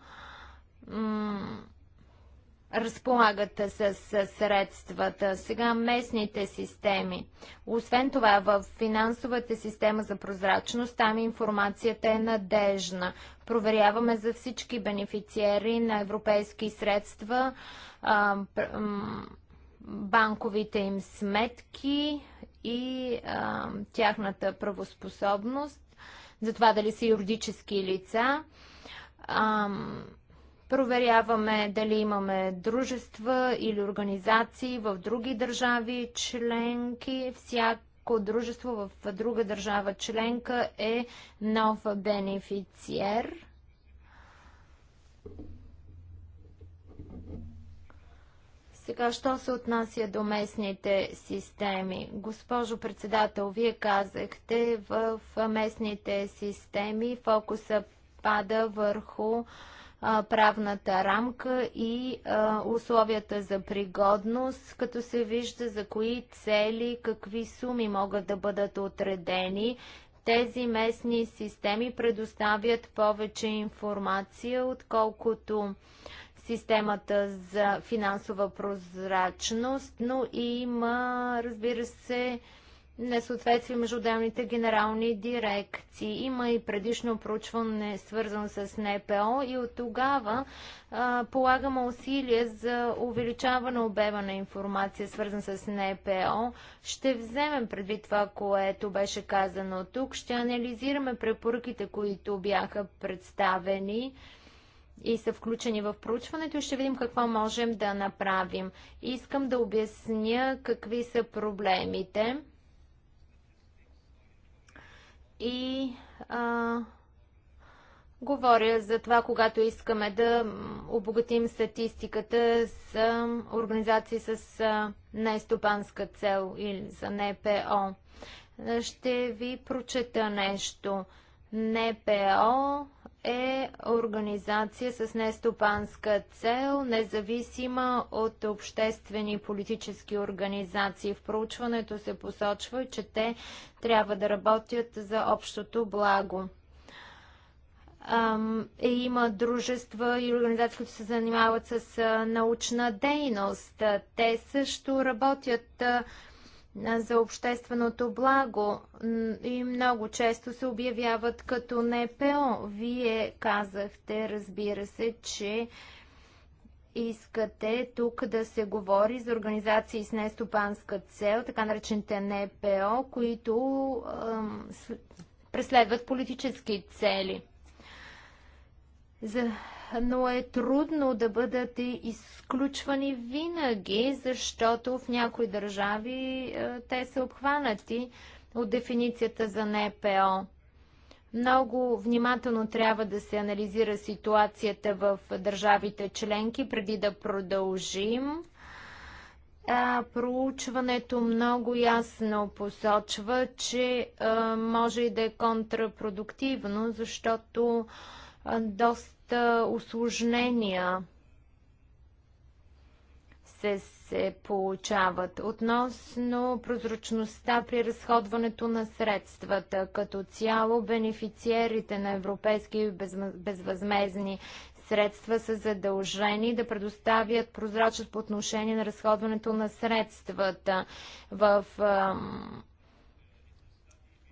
разполагат с средствата. Сега местните системи. Освен това, в финансовата система за прозрачност, там информацията е надежна. Проверяваме за всички бенефициери на европейски средства банковите им сметки и тяхната правоспособност, за това дали са юридически лица. Проверяваме дали имаме дружества или организации в други държави членки. Всяко дружество в друга държава членка е нов бенефициер. Сега, що се отнася до местните системи? Госпожо председател, вие казахте, в местните системи фокуса пада върху правната рамка и условията за пригодност, като се вижда за кои цели, какви суми могат да бъдат отредени. Тези местни системи предоставят повече информация, отколкото системата за финансова прозрачност, но има, разбира се, несъответствие между отделните генерални дирекции. Има и предишно проучване, свързано с НПО и от тогава а, полагаме усилия за увеличаване обема на информация, свързан с НПО. Ще вземем предвид това, което беше казано тук. Ще анализираме препоръките, които бяха представени и са включени в проучването и ще видим какво можем да направим. Искам да обясня какви са проблемите и а, говоря за това, когато искаме да обогатим статистиката с организации с нестопанска цел или за НПО. Ще ви прочета нещо. НПО е организация с нестопанска цел, независима от обществени и политически организации. В проучването се посочва, че те трябва да работят за общото благо. Е, има дружества и организации, които се занимават с научна дейност. Те също работят за общественото благо и много често се обявяват като НПО. Вие казахте, разбира се, че искате тук да се говори за организации с нестопанска цел, така наречените НПО, които преследват политически цели. За но е трудно да бъдат изключвани винаги, защото в някои държави е, те са обхванати от дефиницията за НПО. Много внимателно трябва да се анализира ситуацията в държавите членки, преди да продължим. А, проучването много ясно посочва, че а, е, може и да е контрапродуктивно, защото а, е, доста осложнения се, се получават. Относно прозрачността при разходването на средствата, като цяло бенефициерите на европейски безвъзмезни средства са задължени да предоставят прозрачност по отношение на разходването на средствата в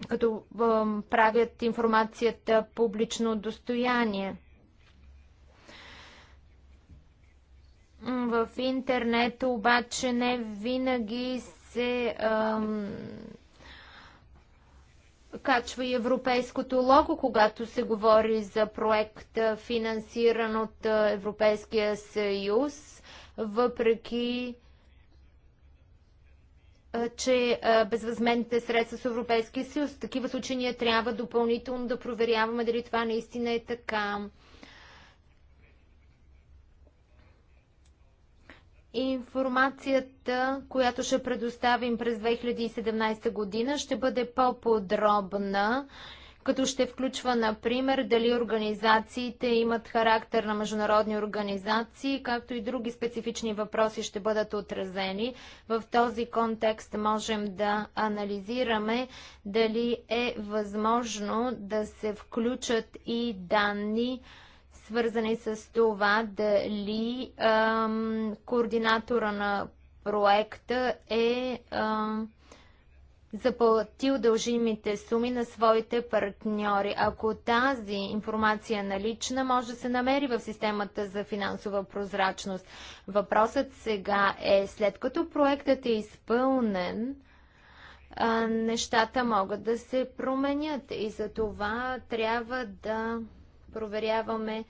като правят информацията публично достояние. В интернет обаче не винаги се качва и европейското лого, когато се говори за проект, финансиран от Европейския съюз, въпреки че безвъзменните средства с Европейския съюз. В такива случаи ние трябва допълнително да проверяваме дали това наистина е така. Информацията, която ще предоставим през 2017 година, ще бъде по-подробна, като ще включва, например, дали организациите имат характер на международни организации, както и други специфични въпроси ще бъдат отразени. В този контекст можем да анализираме дали е възможно да се включат и данни, свързани с това дали ам, координатора на проекта е ам, заплатил дължимите суми на своите партньори. Ако тази информация е налична, може да се намери в системата за финансова прозрачност. Въпросът сега е, след като проектът е изпълнен, а, нещата могат да се променят и за това трябва да Проверяваме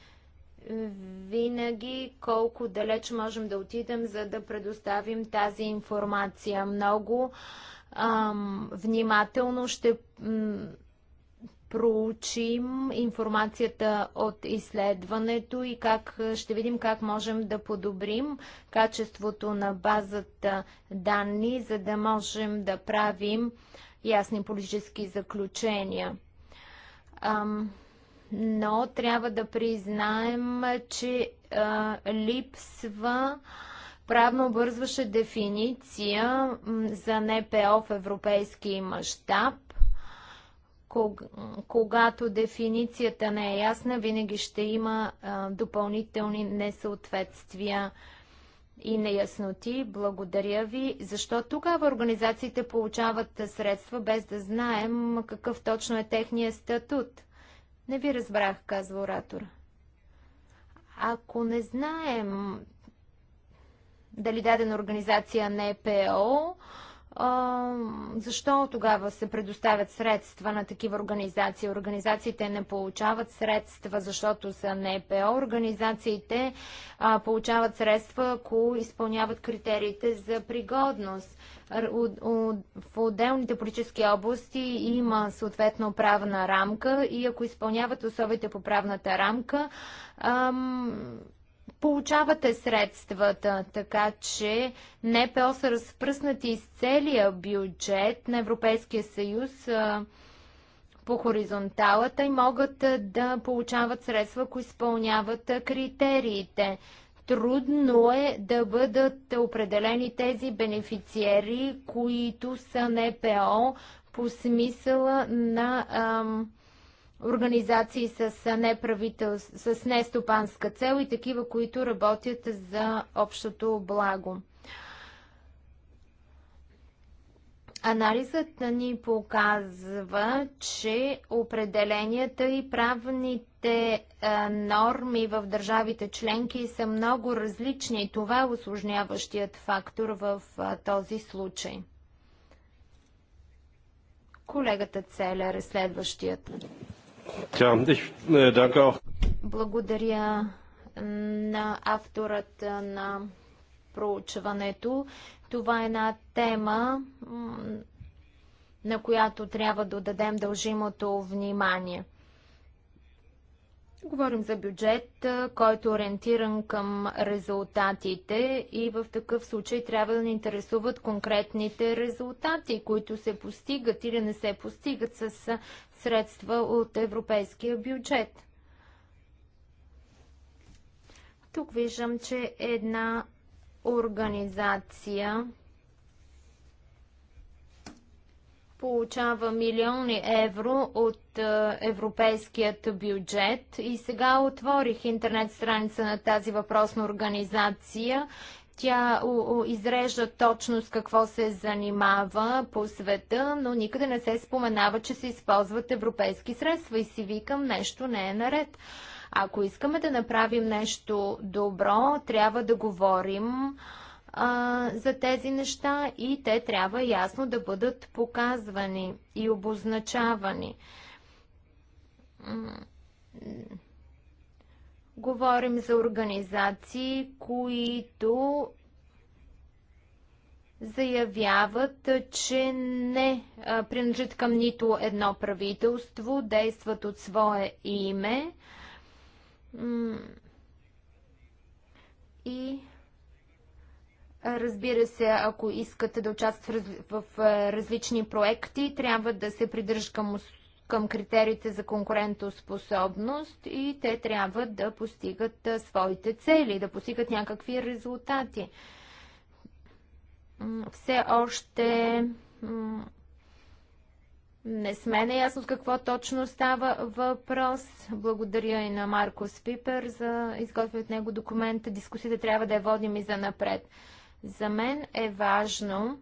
винаги колко далеч можем да отидем, за да предоставим тази информация. Много ам, внимателно ще м, проучим информацията от изследването и как ще видим как можем да подобрим качеството на базата данни, за да можем да правим ясни политически заключения. Ам, но трябва да признаем, че а, липсва правно обвързваща дефиниция за НПО в европейски мащаб. Когато дефиницията не е ясна, винаги ще има а, допълнителни несъответствия и неясноти. Благодаря ви. Защо тогава организациите получават средства без да знаем какъв точно е техния статут? Не ви разбрах, казва оратора. Ако не знаем дали дадена организация не е ПО, защо тогава се предоставят средства на такива организации? Организациите не получават средства, защото са НПО. Организациите а, получават средства, ако изпълняват критериите за пригодност. В отделните политически области има съответно правна рамка и ако изпълняват условията по правната рамка, получавате средствата, така че НПО са разпръснати из целия бюджет на Европейския съюз по хоризонталата и могат да получават средства, ако изпълняват критериите. Трудно е да бъдат определени тези бенефициери, които са НПО по смисъла на ам, организации с, неправител... с нестопанска цел и такива, които работят за общото благо. Анализът ни показва, че определенията и правните норми в държавите членки са много различни. Това е осложняващият фактор в този случай. Колегата Целер е следващият. Е, е, Благодаря на авторът на проучването. Това е една тема, на която трябва да дадем дължимото внимание. Говорим за бюджет, който е ориентиран към резултатите и в такъв случай трябва да ни интересуват конкретните резултати, които се постигат или не се постигат с средства от европейския бюджет. Тук виждам, че една организация получава милиони евро от е, европейският бюджет. И сега отворих интернет страница на тази въпросна организация. Тя изрежда точно с какво се занимава по света, но никъде не се споменава, че се използват европейски средства и си викам нещо не е наред. Ако искаме да направим нещо добро, трябва да говорим а, за тези неща и те трябва ясно да бъдат показвани и обозначавани. Говорим за организации, които заявяват, че не принадлежат към нито едно правителство, действат от свое име. И разбира се, ако искате да участвате в различни проекти, трябва да се придържа към, към критериите за конкурентоспособност и те трябва да постигат своите цели, да постигат някакви резултати. Все още не сме наясно с какво точно става въпрос. Благодаря и на Марко Спипер за изготвя от него документа. Дискусията трябва да я водим и за напред. За мен е важно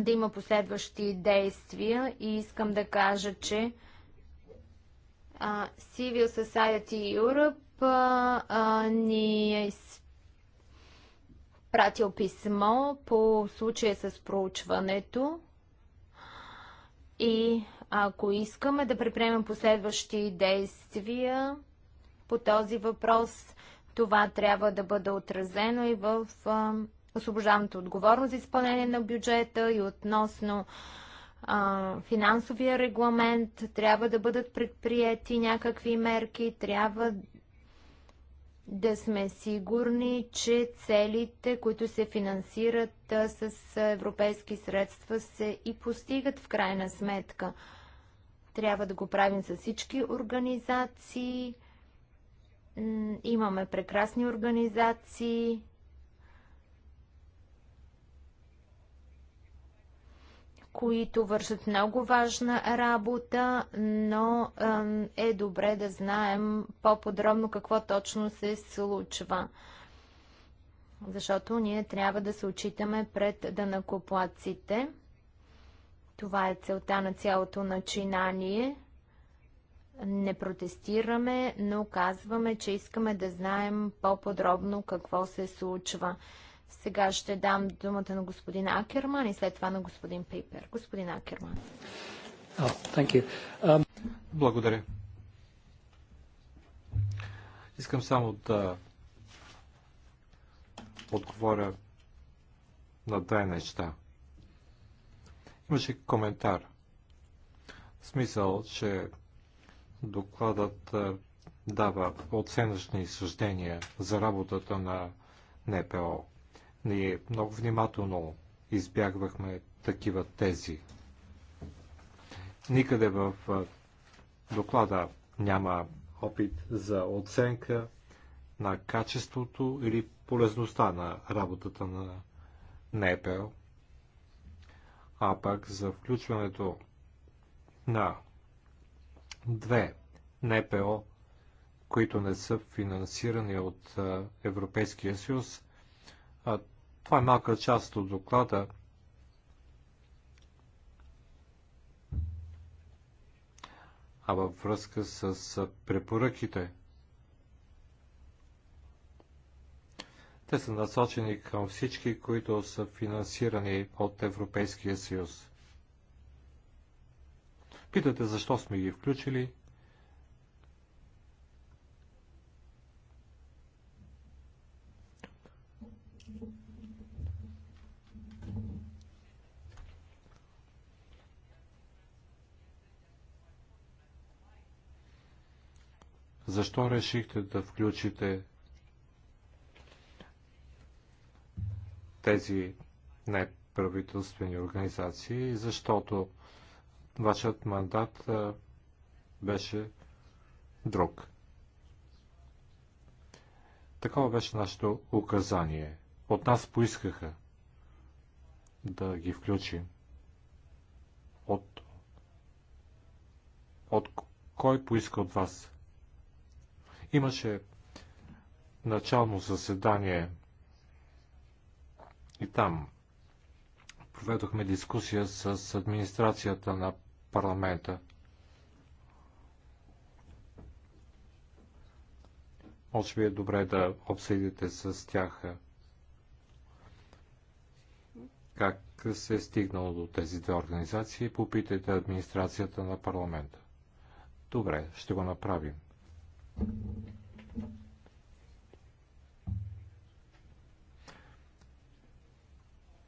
да има последващи действия и искам да кажа, че Civil Society Europe а, ни е пратил писмо по случая с проучването и ако искаме да предприемем последващи действия по този въпрос, това трябва да бъде отразено и в освобождаването отговорност за изпълнение на бюджета и относно финансовия регламент. Трябва да бъдат предприяти някакви мерки, трябва да сме сигурни, че целите, които се финансират с европейски средства, се и постигат в крайна сметка. Трябва да го правим с всички организации. Имаме прекрасни организации, които вършат много важна работа, но е добре да знаем по-подробно какво точно се случва. Защото ние трябва да се очитаме пред данакоплаците. Това е целта на цялото начинание. Не протестираме, но казваме, че искаме да знаем по-подробно какво се случва. Сега ще дам думата на господин Акерман и след това на господин Пейпер. Господин Акерман. Oh, um... Благодаря. Искам само да отговоря на две неща. Имаше коментар. В смисъл, че докладът дава оценъчни съждения за работата на НПО. Ние много внимателно избягвахме такива тези. Никъде в доклада няма опит за оценка на качеството или полезността на работата на НЕПЕЛ, а пък за включването на две НПО, които не са финансирани от Европейския съюз, това е малка част от доклада. А във връзка с препоръките, те са насочени към всички, които са финансирани от Европейския съюз. Питате защо сме ги включили? Защо решихте да включите тези неправителствени организации? Защото вашият мандат беше друг. Такова беше нашето указание. От нас поискаха да ги включим. От, от кой поиска от вас Имаше начално заседание и там проведохме дискусия с администрацията на парламента. Може би е добре да обсъдите с тях как се е стигнало до тези две организации и попитайте администрацията на парламента. Добре, ще го направим.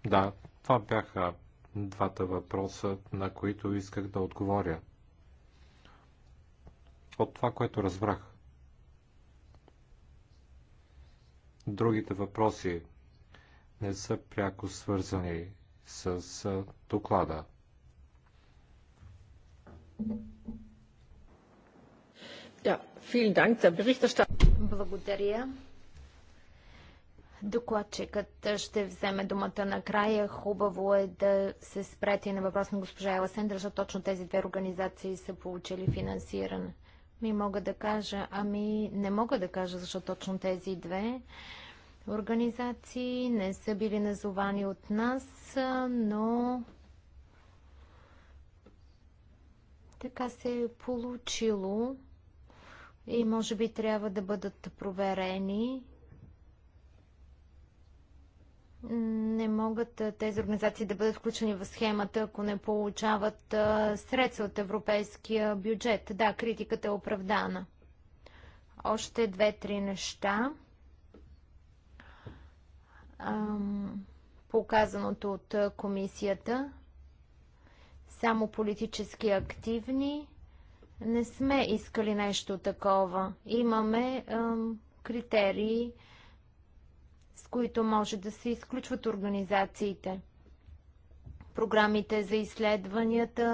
Да, това бяха двата въпроса, на които исках да отговоря. От това, което разбрах. Другите въпроси не са пряко свързани с доклада. Thank you. Благодаря. Докладчикът ще вземе думата накрая. Хубаво е да се спрете на въпрос на госпожа Еласендра, защото точно тези две организации са получили финансиране. Ми мога да кажа, ами не мога да кажа, защото точно тези две организации не са били назовани от нас, но така се е получило и може би трябва да бъдат проверени. Не могат тези организации да бъдат включени в схемата, ако не получават средства от европейския бюджет. Да, критиката е оправдана. Още две-три неща. Показаното от комисията. Само политически активни не сме искали нещо такова. Имаме ем, критерии, с които може да се изключват организациите. Програмите за изследванията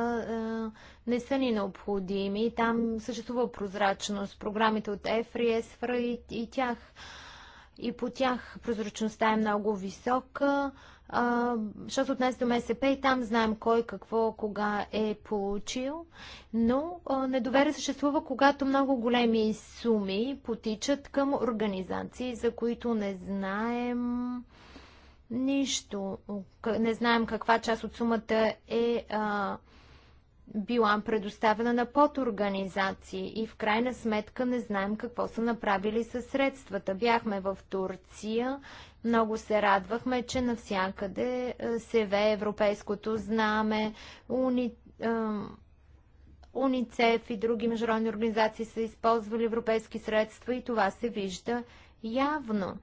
е, не са ни необходими. Там съществува прозрачност. Програмите от ЕФРИ, ЕСФРА и, и тях. И по тях прозрачността е много висока. Е, защото от нас до МСП и там знаем кой какво, кога е получил, но а, недоверие съществува, когато много големи суми потичат към организации, за които не знаем нищо. Не знаем каква част от сумата е а, била предоставена на подорганизации и в крайна сметка не знаем какво са направили със средствата. Бяхме в Турция много се радвахме, че навсякъде е, се ве европейското знаме, уни, е, УНИЦЕФ и други международни организации са използвали европейски средства и това се вижда явно.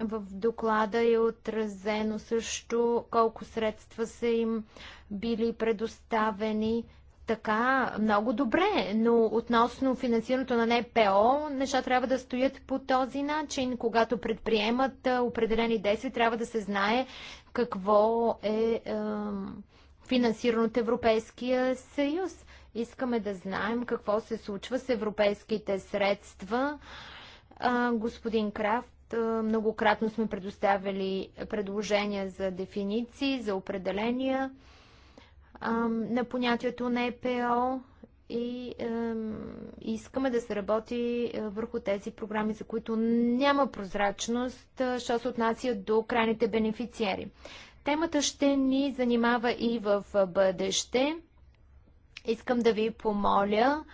В доклада е отразено също колко средства са им били предоставени така много добре, но относно финансирането на НПО, неща трябва да стоят по този начин. Когато предприемат определени действия, трябва да се знае какво е, е финансирано от Европейския съюз. Искаме да знаем какво се случва с европейските средства. Е, господин Крафт, е, многократно сме предоставили предложения за дефиниции, за определения на понятието на ЕПО и искаме да се работи върху тези програми, за които няма прозрачност, що се отнася до крайните бенефициери. Темата ще ни занимава и в бъдеще. Искам да ви помоля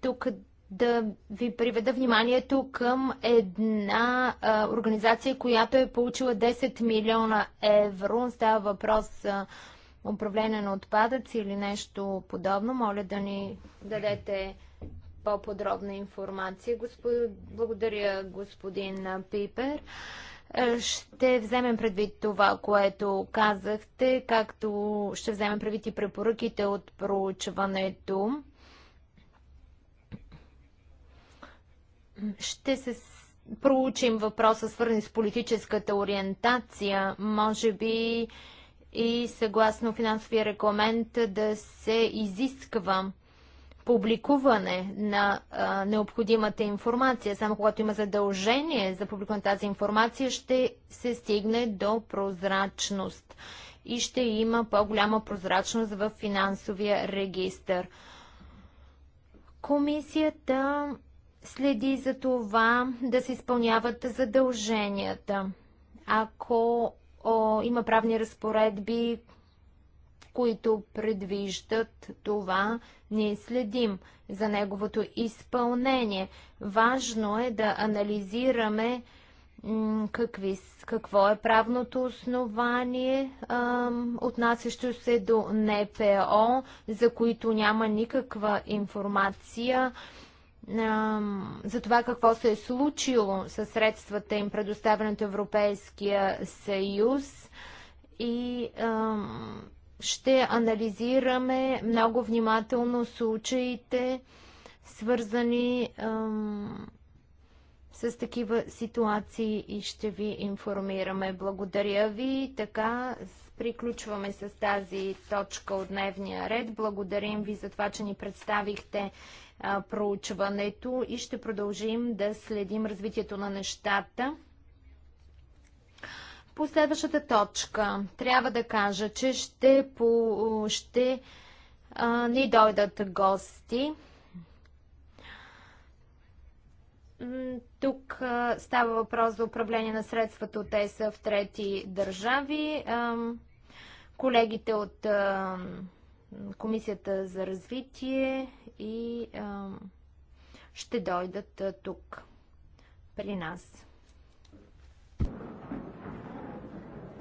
тук да ви приведа вниманието към една а, организация, която е получила 10 милиона евро. Става въпрос за управление на отпадъци или нещо подобно. Моля да ни дадете по-подробна информация. Господ... Благодаря, господин Пипер. Е, ще вземем предвид това, което казахте, както ще вземем предвид и препоръките от проучването. Ще се проучим въпроса, свързан с политическата ориентация. Може би и съгласно финансовия регламент да се изисква публикуване на а, необходимата информация. Само когато има задължение за публикуване тази информация, ще се стигне до прозрачност и ще има по-голяма прозрачност в финансовия регистр. Комисията следи за това да се изпълняват задълженията. Ако о, има правни разпоредби, които предвиждат това, ние следим за неговото изпълнение. Важно е да анализираме какви, какво е правното основание, а, отнасящо се до НПО, за които няма никаква информация. А, за това какво се е случило със средствата им, предоставени от Европейския съюз и ще анализираме много внимателно случаите, свързани с такива ситуации и ще ви информираме. Благодаря ви. Така приключваме с тази точка от дневния ред. Благодарим ви за това, че ни представихте проучването и ще продължим да следим развитието на нещата. По следващата точка трябва да кажа, че ще, по, ще а, ни дойдат гости. Тук а, става въпрос за управление на средствата от ЕСА в трети държави. А, колегите от Комисията за развитие и ще дойдат тук при нас.